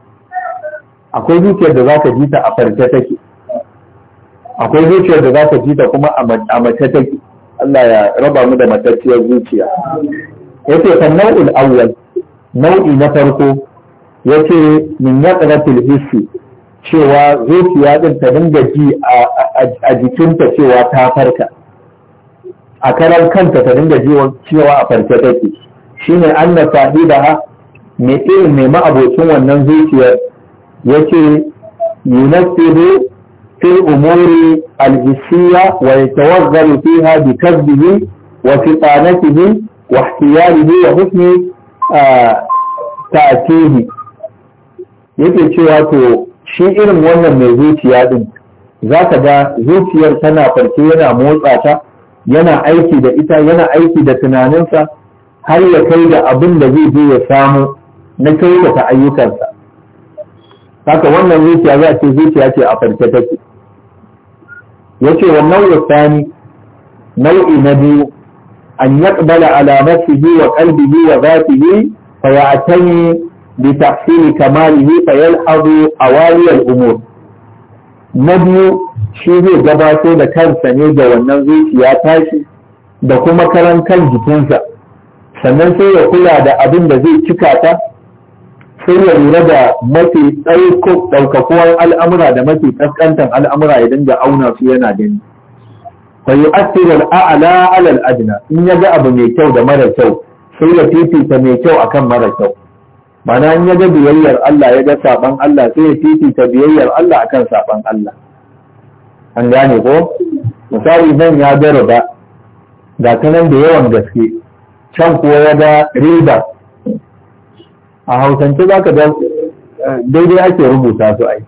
akwai zuciyar da za ka ji ta a farke take akwai zuciyar da za ka ji ta kuma a mace take Allah ya raba mu da matacciyar zuciya yace kan nau'in awwal nau'i na farko yace min ya yaqratil hissi cewa zuciya din ta dinga ji a jikinta cewa ta farka a karar kanta ta dinga ji cewa a farke take shine anna sahibaha mai irin mai ma'abocin wannan zuciyar yace yunasibu في الأمور الحسية ويتوغل فيها بكذبه wa واحتياله wa husni ta'tihi yake cewa to shi irin wannan mai zuciya din za ka ga zuciyar tana farke yana motsa ta yana aiki da ita yana aiki da tunaninsa har ya kai da abin da zai je ya samu na kyautata ayyukansa haka wannan zuciya za ce zuciya ce a farke take ce wa nau'u nau'i na biyu an yaqbala ala nafsihi wa qalbihi wa zatihi fa ya'tani بتحسين كماله فيلحظ أوالي الأمور na biyu shi zai gabato da kansa ne da wannan zuciya tashi da kuma karan kan jikinsa sannan sai ya kula da abin da zai cika ta sai ya lura da mafi ɗaukakuwar al'amura da mafi ƙasƙantar al'amura ya dinga auna su yana gani fa yi asirar a'ala alal adna in ya ga abu mai kyau da mara kyau sai ya fifita mai kyau akan mara kyau mana in ya ga biyayyar Allah ya ga saban Allah sai ya titita biyayyar Allah akan saban Allah an gane ko misali nan ya ga riba ga ta nan da yawan gaske can kuwa ya ga riba a hausance za ka ga eh, daidai ake rubuta su ai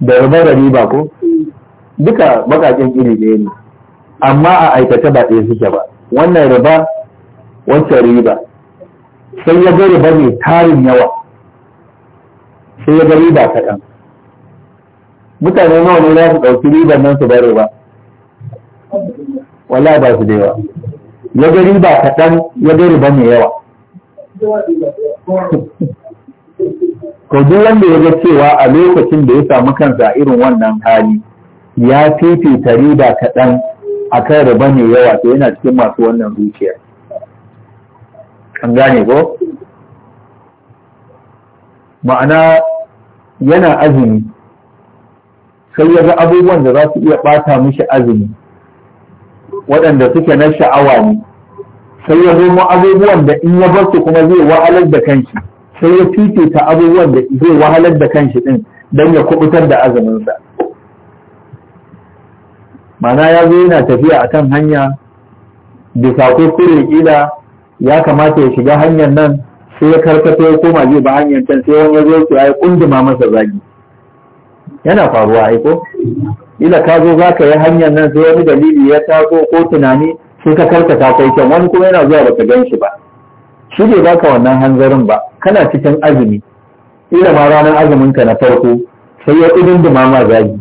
da riba da riba ko duka bakakin iri ɗaya ne amma a aikace ba ɗaya suke ba wannan riba wancan riba sai ya gari ba mai tarin yawa sai ya gari ba kaɗan mutane nawa ne za su ɗauki ribar nan su bare ba wala ba su da yawa ya gari ba kaɗan ya gari ba mai yawa ko duk wanda ya ga cewa a lokacin da ya samu kansa irin wannan hali ya fifita riba kaɗan a kan riba mai yawa to yana cikin masu wannan zuciyar an gane ko ma'ana yana azumi sai ya ga abubuwan da za su iya ɓata mishi azumi waɗanda suke na sha'awa ne sai ya zo abubuwan da in ya bar kuma zai wahalar da kanshi sai ya fifita abubuwan da zai wahalar da kanshi din don ya kubutar da azuminsa ma'ana ya zo yana tafiya akan hanya bisa kure ila ya kamata ya shiga hanyar nan sai ya karkata ya koma zai ba hanyar can sai wani ya zo ya yi kunduma masa zagi yana faruwa aiko ila ka zo za ka yi hanyar nan sai wani dalili ya taso ko tunani sai ka karkata kai can wani kuma yana zuwa baka gan shi ba shi bai baka wannan hanzarin ba kana cikin azumi ila ma ranar azumin ka na farko sai ya duma ma zagi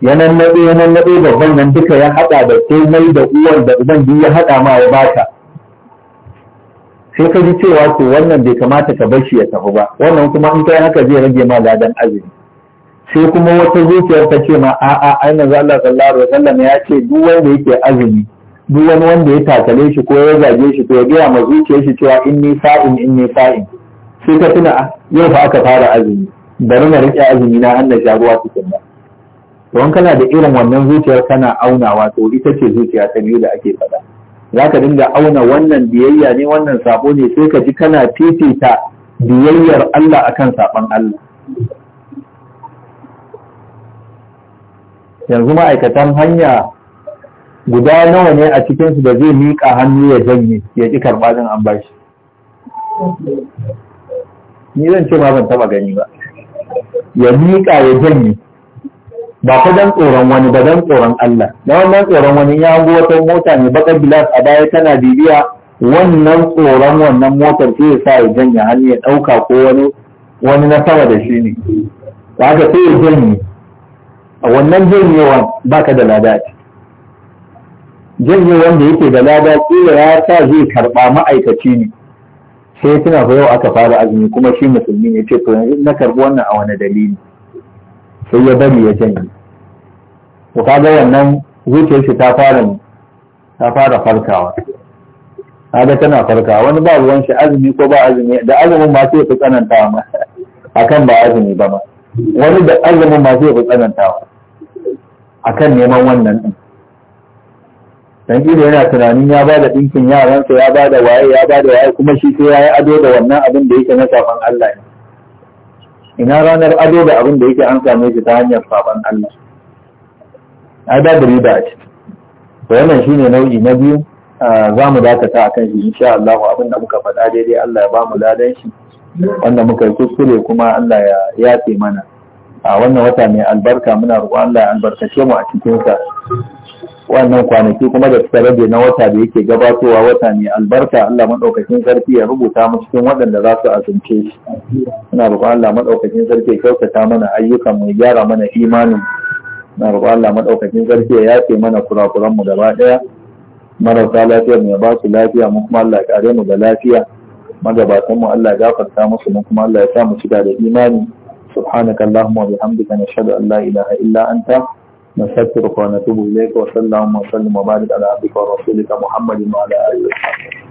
ya nannaɗe ya nannaɗe babban nan duka ya haɗa da komai da uwar da uban ya haɗa ma ya baka sai ka ji cewa to wannan bai kamata ka bar shi ya tafi ba wannan kuma in kai haka zai rage ma ladan azumi sai kuma wata zuciyar ta ce ma a'a ai manzo Allah sallallahu alaihi wasallam ya ce duk wanda yake azumi duk wani wanda ya takale shi ko ya zage shi to ya gaya ma zuciyar shi cewa inni sa'in inni sa'in sai ka tuna ah, yau fa aka fara azumi bari na rike azumi na an da sharuwa cikin ba to kana da irin wannan zuciyar kana aunawa to ita ce zuciya ta biyu da ake faɗa za ka dinga auna wannan biyayya ne wannan sabo ne sai ka ji kana fifita biyayyar Allah akan saban Allah yanzu ma'aikatan hanya guda nawa ne a cikinsu da zai miƙa hannu ya janye ya ƙi karɓa an bashi ni zan ce ma ban taɓa gani ba ya miƙa ya janye ba ta dan tsoron wani ba dan tsoron Allah dan wannan tsoron wani ya hango wata mota mai baka gilas a baya tana bibiya wannan tsoron wannan motar sai ya sa ya janye hannu ya ɗauka ko wani wani na sama da shi ne ba haka sai ya janye a wannan janyewan baka da lada ce janyewan da yake da lada kila ya sa zai karɓa ma'aikaci ne sai tuna fa yau aka fara azumi kuma shi musulmi ne ce to na karɓi wannan a wani dalili sai ya bari ya janye to kaga wannan zuciyar shi ta fara ta fara farkawa kaga tana farkawa wani ba ruwan shi azumi ko ba azumi da azumin ma sai ku tsananta ma akan [laughs] ba azumi ba ma wani da azumin ma sai ku tsananta akan neman wannan din dan ido yana tunanin ya ba da dinkin yaransa ya bada waye ya bada waye kuma shi sai yi ado da wannan abin da yake na safan Allah ne ina ranar ado da abin da yake an same shi ta hanyar saban Allah a da riba ce to wannan shine nau'i na biyu za mu dakata akan shi insha Allah abin da muka faɗa daidai Allah ya ba mu ladan shi wanda muka yi kuskure kuma Allah ya yafe mana a wannan wata mai albarka muna roƙon Allah ya albarkace mu a cikinsa. wannan kwanaki kuma da suka rage na wata da yake gabatowa wata ne. albarka Allah madaukakin sarki ya rubuta mu cikin waɗanda za su azince shi ina roƙon Allah madaukakin sarki ya kyautata mana ayyukan mu ya gyara mana imanin na roƙon Allah madaukakin sarki ya yafe mana kurakuran mu gaba ɗaya marasa lafiya mu ya ba su lafiya mu kuma Allah ya kare mu da lafiya magabatan mu Allah ya gafarta musu mu kuma Allah ya sa mu shiga da imani subhanakallahumma wa bihamdika nashhadu an la ilaha illa anta نستغفرك ونتوب إليك وصلى اللهم وسلم وبارك على عبدك ورسولك محمد وعلى آله وصحبه